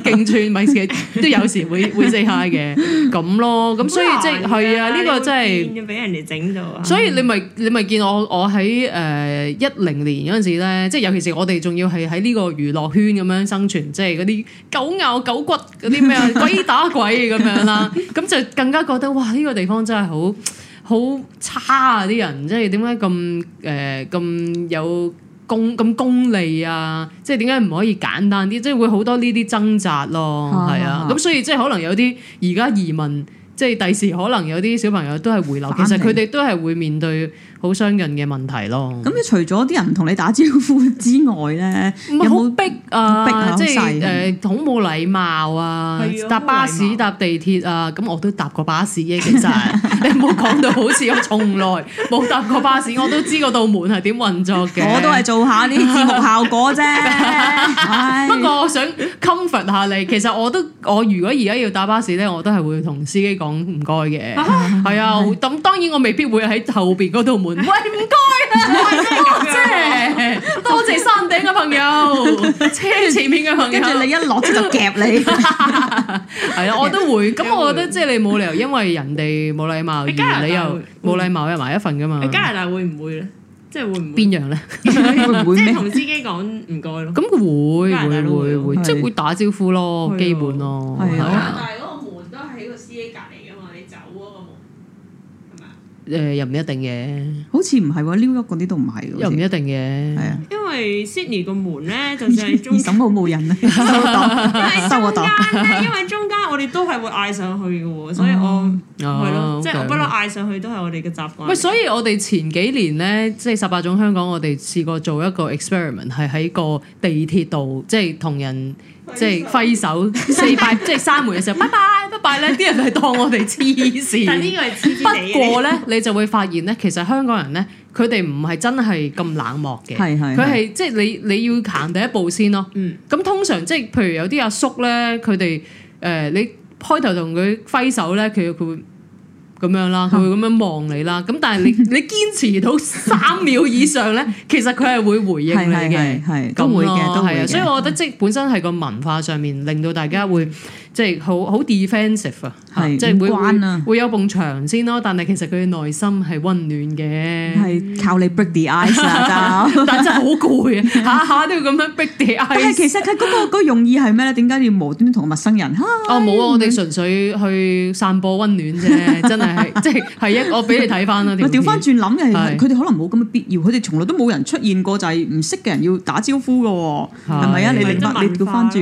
勁串咪嘅都有時會會 say hi 嘅，咁咯，咁所以即係係啊，呢個真係變咗俾人哋整到 所以你咪你咪見我我喺誒。呃誒，一零年嗰陣時咧，即係尤其是我哋仲要係喺呢個娛樂圈咁樣生存，即係嗰啲狗咬狗骨嗰啲咩啊，鬼打鬼咁樣啦，咁 就更加覺得哇，呢、這個地方真係好好差啊！啲人即係點解咁誒咁有功咁功利啊？即係點解唔可以簡單啲？即、就、係、是、會好多呢啲掙扎咯，係啊。咁、啊啊、所以即係可能有啲而家移民，即係第時可能有啲小朋友都係回流，反正 其實佢哋都係會面對。好相近嘅問題咯。咁你除咗啲人同你打招呼之外咧，有冇逼啊逼、就是？逼啊，啊！即係誒好冇禮貌啊！搭巴士、搭禮地鐵啊！咁我都搭過巴士嘅，其實 你冇講到好似我從來冇搭過巴士，我都知個道門係點運作嘅。 我都係做下啲節目效果啫。 不過我想 comfort 下你，其實我都我如果而家要搭巴士咧，我都係會同司機講唔該嘅。係啊，咁當然我未必會喺後邊嗰度。喂，唔該啊，即係多謝山頂嘅朋友，車前面嘅朋友，即係你一落車就夾你，係啊，我都會。咁我覺得即係你冇理由，因為人哋冇禮貌，而你又冇禮貌入埋一份噶嘛。加拿大會唔會咧？即係會唔邊樣咧？即係同司機講唔該咯。咁佢會會會會，即係會打招呼咯，基本咯，係啊。誒、呃、又唔一定嘅，好似唔係喎，New York 嗰啲都唔係嘅。又唔一定嘅，係啊的。因為 Sydney 個 門咧，就算係中。你感冒冇人啊？收我檔，收我檔。因為中間我哋都係會嗌上去嘅喎，所以我係咯，即係我不嬲嗌上去都係我哋嘅習慣。喂，所以我哋前幾年咧，即係十八種香港，我哋試過做一個 experiment，係喺個地鐵度，即係同人。即係揮手四拜， 即係閂門嘅時候，拜拜，拜拜咧，啲人係當我哋黐線。 但呢個係黐你。不過咧，你就會發現咧， 其實香港人咧，佢哋唔係真係咁冷漠嘅。係係是，佢係即係你你要行第一步先咯。咁、嗯、通常即係譬如有啲阿叔咧，佢哋誒你開頭同佢揮手咧，佢佢會。咁樣啦，佢會咁樣望你啦。咁 但係你你堅持到三秒以上咧， 其實佢係會回應你嘅，係係係係都會嘅，都係。所以，我覺得即本身係個文化上面，令到大家會。即係好好 defensive 啊，係即係會會會有埲牆先咯。但係其實佢嘅內心係溫暖嘅，係靠你 break the ice 但真係好攰啊，下下都要咁樣 break the ice。但係其實佢嗰個用意係咩咧？點解要無端端同陌生人嚇？哦，冇啊，我哋純粹去散播溫暖啫，真係即係係一個俾你睇翻啊。咪調翻轉諗嘅係佢哋可能冇咁嘅必要，佢哋從來都冇人出現過就係唔識嘅人要打招呼㗎喎，係咪啊？你令得你調翻轉，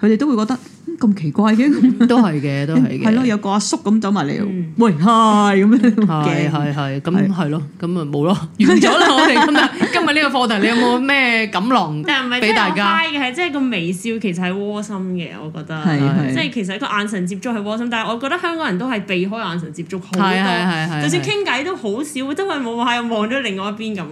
佢哋都會覺得。咁奇怪嘅， 都係嘅，都係嘅。係 咯樂，有個阿叔咁走埋嚟，嗯、喂嗨，咁樣，係係係，咁係咯，咁咪冇咯，完咗啦！我哋今日今日呢個課題，你有冇咩錦囊？但係唔係俾大家嘅，係即係個微笑其實係窩心嘅，我覺得係即係其實個眼神接觸係窩心，但係我覺得香港人都係避開眼神接觸好多，就算傾偈都好少，都係冇話望咗另外一邊咁。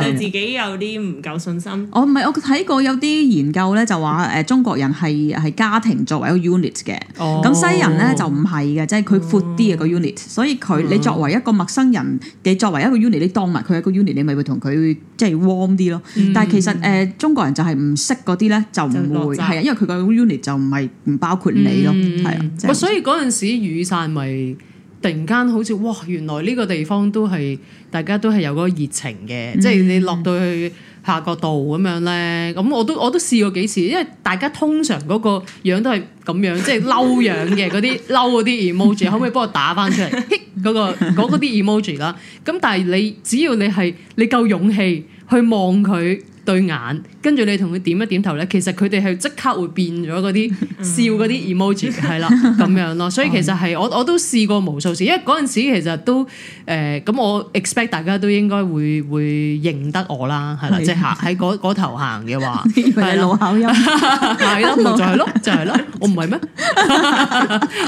對自己有啲唔夠信心。我唔係，我睇過有啲研究咧，就話誒中國人係係家庭作為一個 unit 嘅、哦。咁西人咧就唔係嘅，即係佢闊啲嘅個 unit。哦、所以佢你作為一個陌生人，你作為一個 unit，你當埋佢係一個 unit，你咪會同佢即係 warm 啲咯。嗯、但係其實誒、呃、中國人就係唔識嗰啲咧，就唔會係啊，因為佢個 unit 就唔係唔包括你咯，係啊、嗯。就是嗯、所以嗰陣時雨傘咪、就是。突然間好似哇，原來呢個地方都係大家都係有嗰個熱情嘅，嗯、即係你落到去下個度咁樣咧，咁、嗯、我都我都試過幾次，因為大家通常嗰個樣都係咁樣，即係嬲樣嘅嗰啲嬲嗰啲 emoji，可唔可以幫我打返出嚟？嗰、 嗰個嗰嗰啲 emoji 啦，咁、嗰個嗰個、但係你只要你係你夠勇氣去望佢對眼，跟住你同佢點一點頭咧，其實佢哋係即刻會變咗嗰啲笑嗰啲 emoji，係啦咁樣咯。所以其實係我我都試過無數次，因為嗰陣時其實都誒咁，我 expect 大家都應該會會認得我啦，係啦，即係行喺嗰頭行嘅話，以為係老口音，係咯，就係咯，就係咯，我唔係咩？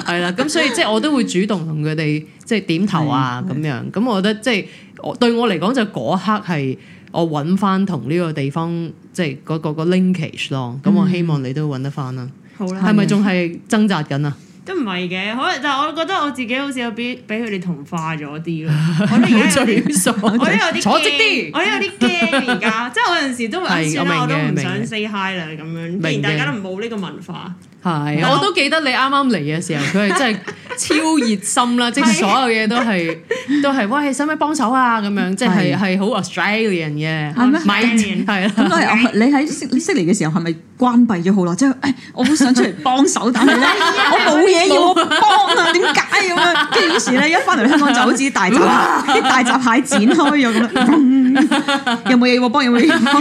係啦，咁所以即係我都會主動同佢哋即係點頭啊咁樣。咁我覺得即係對我嚟講就嗰刻係。我揾翻同呢個地方即係嗰個個 linkage 咯，咁我希望你都揾得翻啦。好啦，係咪仲係掙扎緊啊？都唔係嘅，可能但係我覺得我自己好似有俾俾佢哋同化咗啲咯。我最傻，我有啲坐直啲，我都有啲驚而家，即係我有陣時都話算啦，我都唔想 say hi 啦咁樣。既然大家都冇呢個文化。係，我都記得你啱啱嚟嘅時候，佢係真係超熱心啦，即係所有嘢都係都係，喂，使唔使幫手啊？咁樣即係係好 Australian 嘅，係咩是？咪係啦。咁你喺悉尼嘅時候係咪關閉咗好耐？即係，我好想出嚟幫手，但係、 哎、呀我冇嘢要我幫啊，點解咁樣？跟住於是咧，一翻嚟香港就好似大閘啲 大閘蟹剪開咗咁樣。 有冇嘢我幫你？有冇嘢幫？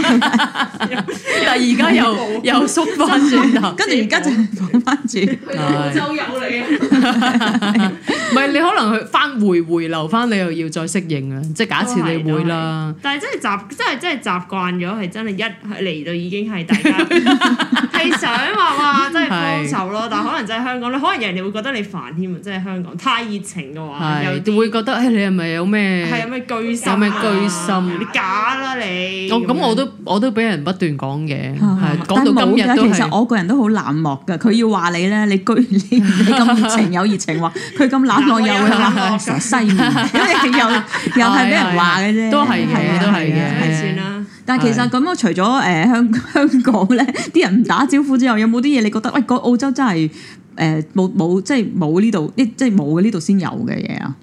有 但係而家又 又縮翻轉頭， 跟住而家就反翻轉，就有你嘅。唔係 的 你可能去翻回回流翻，你又要再適應啊！即係假設你會啦，但係真係習，真係真係習慣咗，係真係一嚟到已經係大家。 係 想話話真係幫手咯，但係可能就係香港咧，可能人哋會覺得你煩添，即係香港太熱情嘅話，又會覺得你係咪有咩？係有咩居心？咩居心？你假啦你！咁我，我都我都俾人不斷講嘢，係講到今日都係。但冇啊！其實我個人都好冷漠嘅。佢要話你咧，你居然你你咁熱情有熱情話，佢咁冷漠又會話我西面，因為又又係俾人話嘅啫。都係嘅，都係算啦。但係其實咁樣除咗誒香，香港咧，啲人唔打招呼之後，有冇啲嘢你覺得喂，嗰、呃、澳洲真係誒冇、冇即係冇呢度，即係冇嘅呢度先有嘅嘢啊？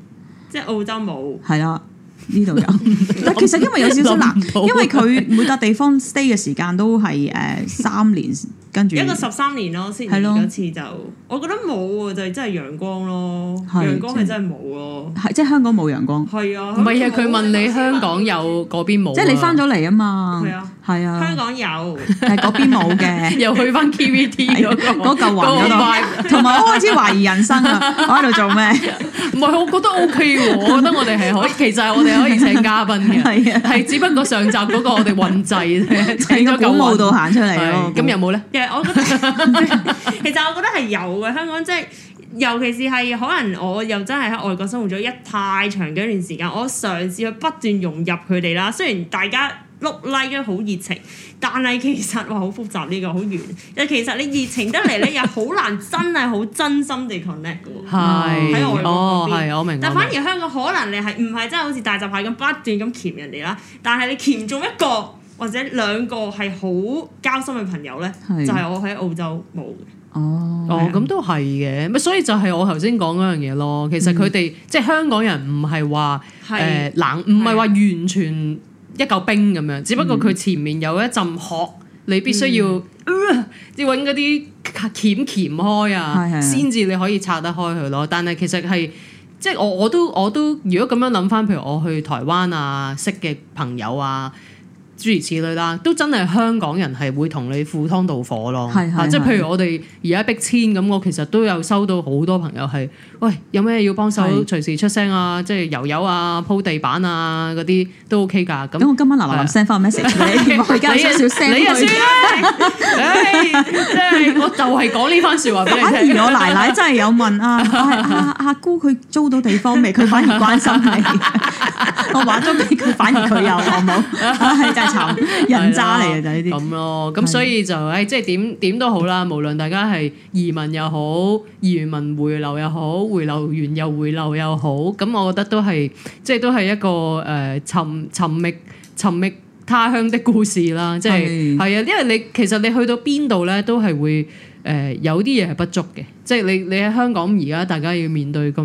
即係澳洲冇，係啦，呢度有。有 但其實因為有少少難，因為佢每笪地方 stay 嘅時間都係誒三年。 一個十三年咯，之前嗰次就我覺得冇喎，就真係陽光咯，陽光係真係冇咯，係即係香港冇陽光。係啊，唔係啊，佢問你香港有，嗰邊冇。即係你翻咗嚟啊嘛。係啊，係啊，香港有，但係嗰邊冇嘅，又去翻 K V T 嗰個嗰嚿雲嗰度。同埋我開始懷疑人生啊，我喺度做咩？唔係，我覺得 O K 喎，我覺得我哋係可以，其實我哋可以請嘉賓嘅，係啊，係只不過上集嗰個我哋運滯，請咗嚿雲到行出嚟咯。咁有冇咧？我覺得其實我覺得係有嘅，香港即係，尤其是係可能我又真係喺外國生活咗一太長嘅一段時間，我嘗試去不斷融入佢哋啦。雖然大家碌 like 好熱情，但係其實哇，好複雜呢個好遠。其實你熱情得嚟咧， 又好難真係好真心地 connect 嘅喎。係喺外國、哦、但反而香港可能你係唔係真係好似大閘蟹咁不斷咁鉗人哋啦？但係你鉗中一個。或者兩個係好交心嘅朋友咧，的就係我喺澳洲冇、oh, 的哦，哦，咁都係嘅。咪所以就係我頭先講嗰樣嘢咯。其實佢哋即係香港人，唔係話誒冷，唔係話完全一嚿冰咁樣。的只不過佢前面有一陣殼，嗯、你必須要要揾嗰啲鉗鉗開啊，先至的你可以拆得開佢咯。但係其實係即係我我，我都我都如果咁樣諗返，譬如我去台灣啊識嘅朋友啊。啊啊啊啊諸如此類啦，都真係香港人係會同你赴湯蹈火咯，即係是、啊、譬如我哋而家逼遷咁，我其實都有收到好多朋友係。喂，有咩要幫手？隨時出聲啊，即係油油啊，鋪地板啊，嗰啲都 OK 㗎。咁我今晚嗱嗱聲返 message 你，我而家出少聲佢。你啊算啦，即係我就係講呢番説話俾你聽。反而我奶奶真係有問啊，阿阿姑佢租到地方未？佢反而關心你。我話咗俾佢，反而佢又好冇，真係慘，人渣嚟嘅就係呢啲。咁咯，咁所以就誒，即係點點都好啦，無論大家係移民又好，移民回流又好。回流完又回流又好，咁我覺得都係，即係都係一個誒尋尋覓覓他鄉的故事啦，即係係啊，因為你其實你去到邊度咧，都係會。誒有啲嘢係不足嘅，即係你你喺香港而家大家要面對咁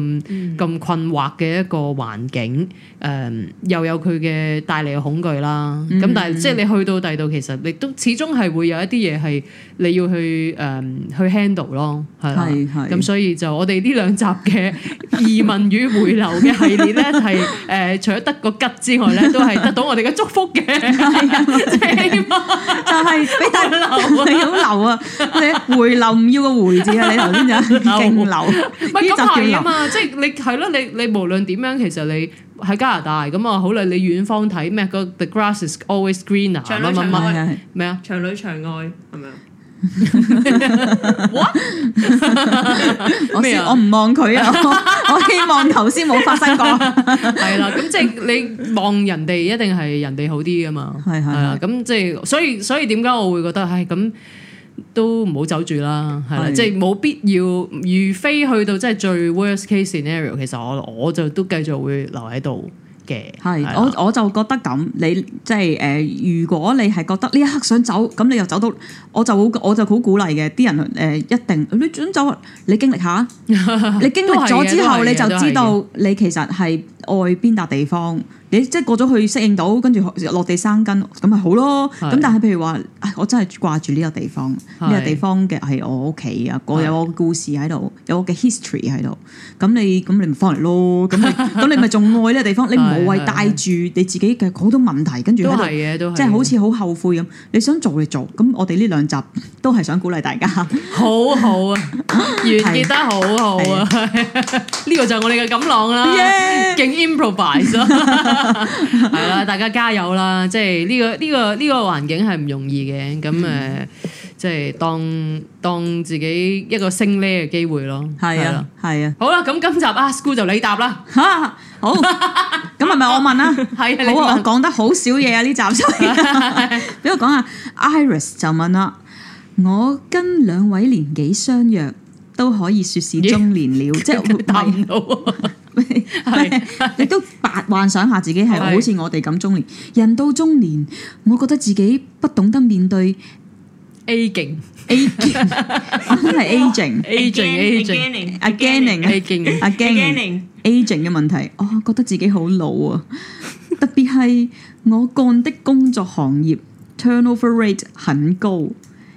咁困惑嘅一個環境，誒又有佢嘅帶嚟嘅恐懼啦。咁但係即係你去到第度，其實你都始終係會有一啲嘢係你要去誒去 handle 咯，係係。咁所以就我哋呢兩集嘅移民與回流嘅系列咧，係誒除咗得個吉之外咧，都係得到我哋嘅祝福嘅，係啊，就係你大佢流啊，好流啊，即係回。唔要個回字啊！你頭先就勁流，咪咁係啊嘛！即係你係咯，你你無論點樣，其實你喺加拿大咁啊，好啦，你遠方睇咩？個 The grass is always greener。牆裡牆外咩啊？牆裡牆外係咪啊？我我唔望佢啊！我希望頭先冇發生過。係啦，咁即係你望人哋一定係人哋好啲噶嘛？係係啦，咁即係所以所以點解我會覺得係咁？都唔好走住啦，係是的 即係冇必要，如非去到即係最 worst case scenario，其實我我就都繼續會留喺度嘅。係，我我就覺得咁，你即係誒、呃，如果你係覺得呢一刻想走，咁你又走到，我就我就好鼓勵嘅，啲人誒、呃、一定你轉走，你經歷下，你經歷咗 之後，你就知道你其實係愛邊笪地方。你即係過咗去適應到，跟住落地生根，咁咪好咯。咁但係譬如話，我真係掛住呢個地方，呢個地方嘅係我屋企啊，我有我故事喺度，有我嘅 history 喺度。咁你咁你唔翻嚟咯？咁咁你咪仲愛呢個地方？你唔好為帶住你自己嘅好多問題，跟住喺度，即係好似好後悔咁。你想做就做。咁我哋呢兩集都係想鼓勵大家，好好啊，完結得好好啊。呢個就係我哋嘅錦囊啦，勁 improvise。係啦，大家加油啦！即係呢、這個呢、這個呢、這個環境係唔容易嘅，咁誒，即係當當自己一個升呢嘅機會咯。係啊，係啊，啊。好啦，咁今集啊，ASKGOO 就你答啦。吓、 啊，好，咁係咪我問啦？係啊，我講得好少嘢啊，呢集所以，俾我講下。Iris 就問啦，我跟兩位年紀相若，都可以說是中年了，即係。答唔到。 係你都白幻想下自己係好似我哋咁中年人到中年，我覺得自己不懂得面對 aging，阿生係 aging，aging，aging，aging，aging，aging，aging 嘅問題。我覺得自己好老啊，特別係我幹的工作行業，turnover rate 很高，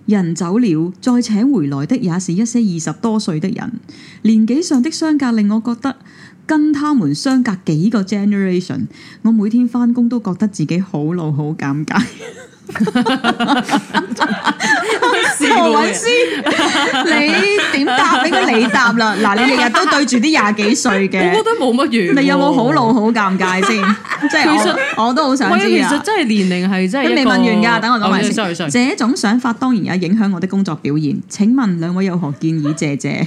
人走了再請回來的也是一些二十多歲的人，年紀上的相隔令我覺得。跟他們相隔幾個 generation，我每天翻工都覺得自己好老好尷尬。 何韻詩， 你點答？應該你答啦。嗱，你日日都對住啲廿幾歲嘅， 我覺得冇乜完。你有冇好老好尷尬先？即係 實我，我都好想知 其實真係年齡係真係。佢未問完㗎，等我講埋先。這種想法當然有影響我的工作表現。請問兩位有何建議？謝謝。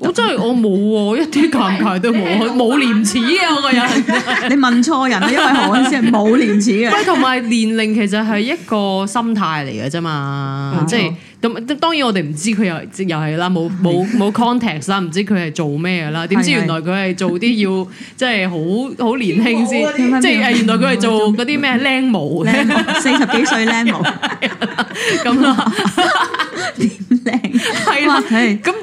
我真係我冇喎，一啲感慨都冇，冇廉恥啊！我個人，你問錯人，因為何韻詩係冇廉恥嘅。不過同埋年齡其實係一個心態嚟嘅啫嘛，即係，當然我哋唔知佢又又係啦，冇冇冇 context 啦，唔知佢係做咩啦。點知原來佢係做啲要即係好好年輕先，即係原來佢係做嗰啲咩靚模，四十幾歲靚模咁咯。係啦，咁 哇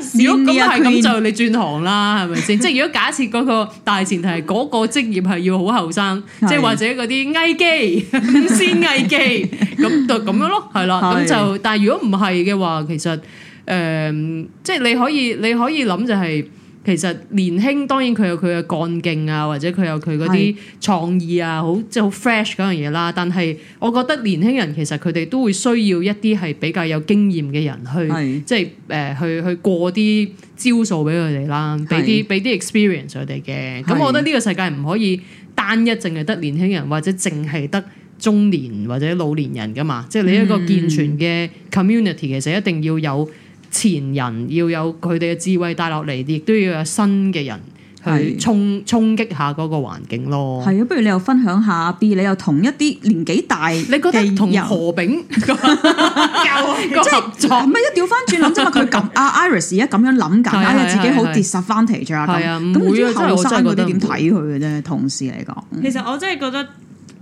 如果咁係咁就你轉行啦，係咪先？即係 如果假設嗰個大前提係嗰、嗰個職業係要好後生，即係 或者嗰啲危機、古先 危機，咁 就咁樣咯，係啦。咁 就但係如果唔係嘅話，其實誒，即、呃、係、就是、你可以你可以諗就係、是。其實年輕當然佢有佢嘅幹勁啊，或者佢有佢嗰啲創意啊，好是的 即係好 fresh 嗰樣嘢啦、啊。但係我覺得年輕人其實佢哋都會需要一啲係比較有經驗嘅人去，是的 即係誒、呃、去去過啲招數俾佢哋啦，俾啲俾啲 experience 佢哋嘅。咁是的 我覺得呢個世界唔可以單一淨係得年輕人，或者淨係得中年或者老年人㗎嘛。即係你一個健全嘅 community 其實一定要有。前人要有佢哋嘅智慧帶落嚟，亦都要有新嘅人去衝衝擊下嗰個環境咯。係啊，不如你又分享下，B 你又同一啲年紀大，你覺得同何炳夠合作？唔係 一調翻轉諗啫嘛，佢咁阿 Iris 而家咁樣諗緊， 自己好 disadvantage 啊！咁咁，樣後生嗰啲點睇佢嘅啫？呢同事嚟講，其實我真係覺得。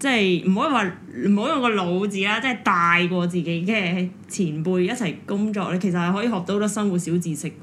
即係唔可以話唔好用個老字啦，即係大過自己嘅前輩一齊工作咧，其實係可以學到好多生活小知識嘅。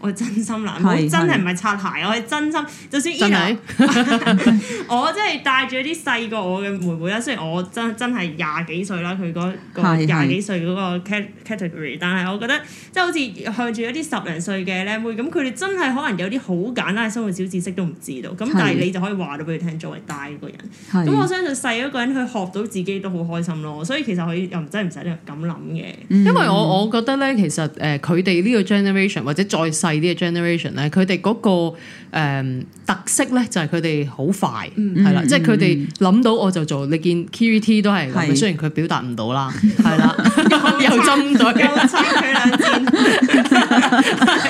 我真心啦，我真係唔係擦鞋，我係真心。就算依兩真是， 我真係帶住啲細過我嘅妹妹啦。雖然我真真係廿幾歲啦，佢嗰個廿幾歲嗰個 category，< 是是 S 1> 但係我覺得即係好似向住一啲十零歲嘅靚妹，咁佢哋真係可能有啲好簡單嘅生活小知識都唔知道。咁但係你就可以話到俾佢聽，作為大個人。咁是 我相信細個個人佢學到自己都好開心咯。所以其實佢又真係唔使咁諗嘅。嗯、因為我我覺得咧，其實誒佢哋呢個 generation 或者再細。generation 咧，佢哋嗰個誒、嗯、特色咧，就係佢哋好快係啦、嗯，即係佢哋諗到我就做。你見 Kiri T 都係，的雖然佢表達唔到啦，係啦是的， 又斟咗兩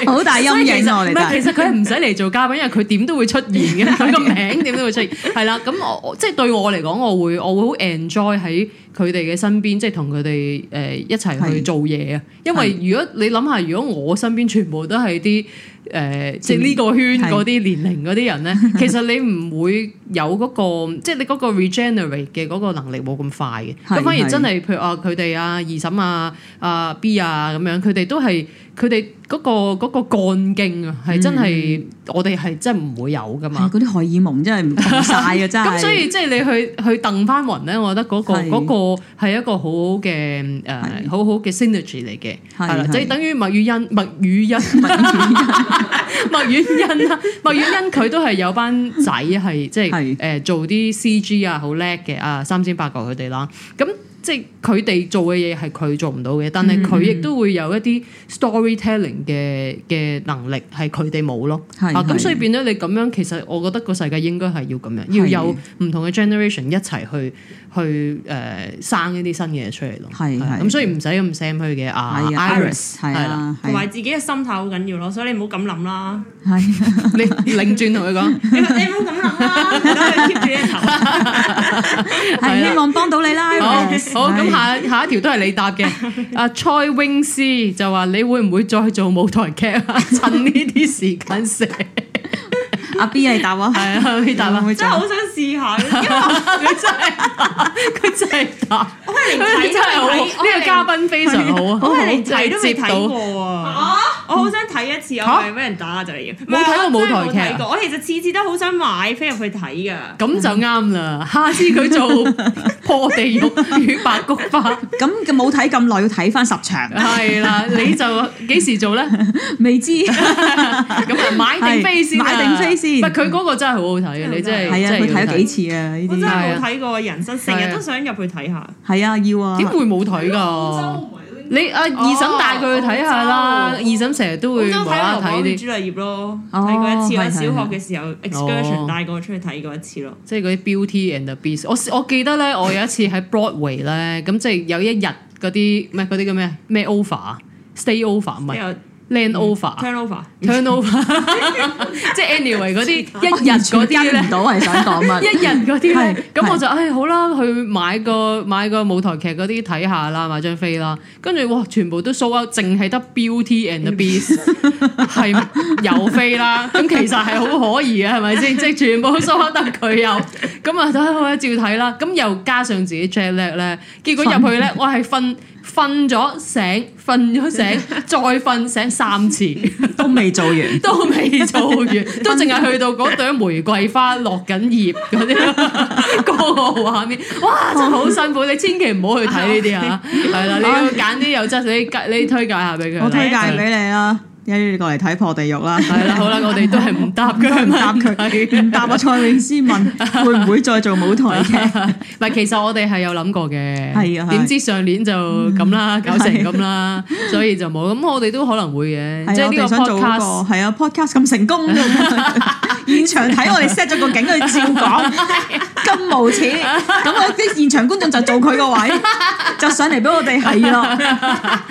好大陰影、啊。我哋其實佢唔使嚟做嘉賓，因為佢點都會出現嘅，佢個名點都會出現。係啦的，咁我即係對我嚟講，我會我會好 enjoy 喺。佢哋嘅身邊，即係同佢哋誒一齊去做嘢啊！是 因為如果你諗下，如果我身邊全部都係啲誒，即係呢個圈嗰啲年齡嗰啲人咧，是 其實你唔會有嗰、嗰個， 即係你嗰個 regenerate 嘅嗰個能力冇咁快嘅，咁是 反而真係譬如話，佢哋啊，二嬸啊，啊 B 啊咁樣，佢哋都係。佢哋嗰個幹勁啊，係真係我哋係真係唔會有噶嘛、嗯。嗰啲荷爾蒙真係唔同曬㗎咋。咁 所以即係你去去蹬翻雲咧，我覺得嗰、那個嗰係是 一個好是、嗯、好嘅誒好好嘅 synergy 嚟嘅。係啦，即係等於麥宇欣，麥宇欣，麥宇欣，麥宇欣啦，麥宇欣佢都係有班仔係即係誒、呃、做啲 CG 啊，好叻嘅啊，三千八個佢哋啦。咁即係。佢哋做嘅嘢係佢做唔到嘅，但係佢亦都會有一啲 storytelling 嘅嘅能力係佢哋冇咯。咁所以變咗你咁樣，其實我覺得個世界應該係要咁樣，要有唔同嘅 generation 一齊去去誒生一啲新嘅嘢出嚟咯。咁所以唔使咁 sam 佢嘅 Iris 係啦，同埋自己嘅心態好緊要咯。所以你唔好咁諗啦，你擰轉同佢講，你唔好咁諗啦，你都要 keep 住一頭，係希望幫到你啦。下下一條都係你答嘅，阿蔡泳詩就話：你會唔會再做舞台劇啊？趁呢啲時間寫。阿 B 係答啊，係啊，B 答啊。真係好想試下，佢真係，佢真係答。佢真係好，呢個嘉賓非常好，我係零睇都未睇過啊。我好想睇一次，我係俾人打就嚟。冇睇過舞台劇，我其實次次都好想買飛入去睇噶。咁就啱啦，下次佢做破地獄與白菊花，咁冇睇咁耐，要睇翻十場。係啦，你就幾時做咧？未知。咁買定飛先，買定飛先。佢嗰個真係好好睇嘅。你真係真係睇咗幾次啊！我真係冇睇過人生，成日都想入去睇下。係啊，要啊。點會冇睇㗎？你阿、啊、二嬸帶佢去睇下啦，哦、二嬸成日都會睇下，睇《羅馬的朱麗葉》咯，睇過一次。係係係小學嘅時候 Excursion、哦、帶過出去睇過一次咯。即係嗰啲 Beauty and the Beast，我我記得咧，我有一次喺 Broadway 咧，咁 即係有一日嗰啲唔係嗰啲叫咩咩 Over Stay Over 唔係。land over，turn over，turn over，即係 anyway 嗰啲一日嗰啲咧，我係想講乜？一日嗰啲咧，咁我就唉好啦，去買個買個舞台劇嗰啲睇下啦，買張飛啦，跟住哇，全部都 show 啊，淨係得 Beauty and the Beast 係有飛啦，咁其實係好可疑嘅，係咪先？即係全部都 show 得佢有，咁啊，睇我照睇啦，咁又加上自己 jack 叻咧，結果入去咧，我係瞓。瞓咗醒，瞓咗醒，再瞓醒三次，都未做， 做完， 都未做完，都淨係去到嗰朵玫瑰花落緊葉嗰啲嗰個畫面， 哇！真係好辛苦， 你千祈唔好去睇呢啲啊！係啦， 你要揀啲有質，你介你推介下俾佢。我推介俾你啦。一啲過嚟睇破地獄啦，係啦，好啦，我哋都係唔答佢，唔 答佢，唔答啊！蔡永思問會唔會再做舞台嘅？係 其實我哋係有諗過嘅，係啊，點知上年就咁啦，的搞成咁啦，所以就冇。咁我哋都可能會嘅，即係呢個 podcast, 想做，d 係啊，podcast 咁成功。 現場睇我哋 set 咗個景去照講，咁無恥，咁我啲現場觀眾就做佢個位，就上嚟俾我哋係咯。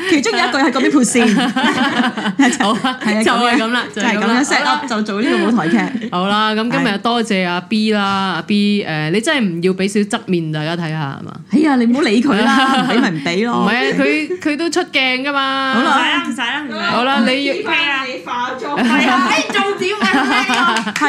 其中有一句係嗰邊鋪線，好啊，係啊，就係咁啦，就係咁樣 set up，就做呢個舞台劇。好啦，咁今日多謝阿 B 啦，阿 B，誒，你真係唔要俾少側面大家睇下，係嘛？哎呀，你唔好理佢啦，你咪唔俾咯。唔係啊，佢佢都出鏡㗎嘛。唔使啊，唔使啊，好啦，你要啊，你化妝係啊，可以重點嘅。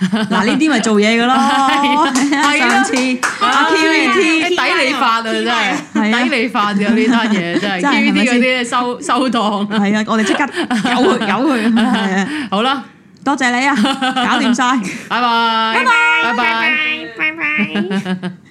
嗱呢啲咪做嘢嘅咯，係啦，打 T V T 抵你發啊真係，抵你發就呢單嘢真係，T V D 啲收收檔係啊，我哋即刻有佢搞佢，好啦，多謝你啊，搞掂晒。拜拜，拜拜，拜拜，拜拜。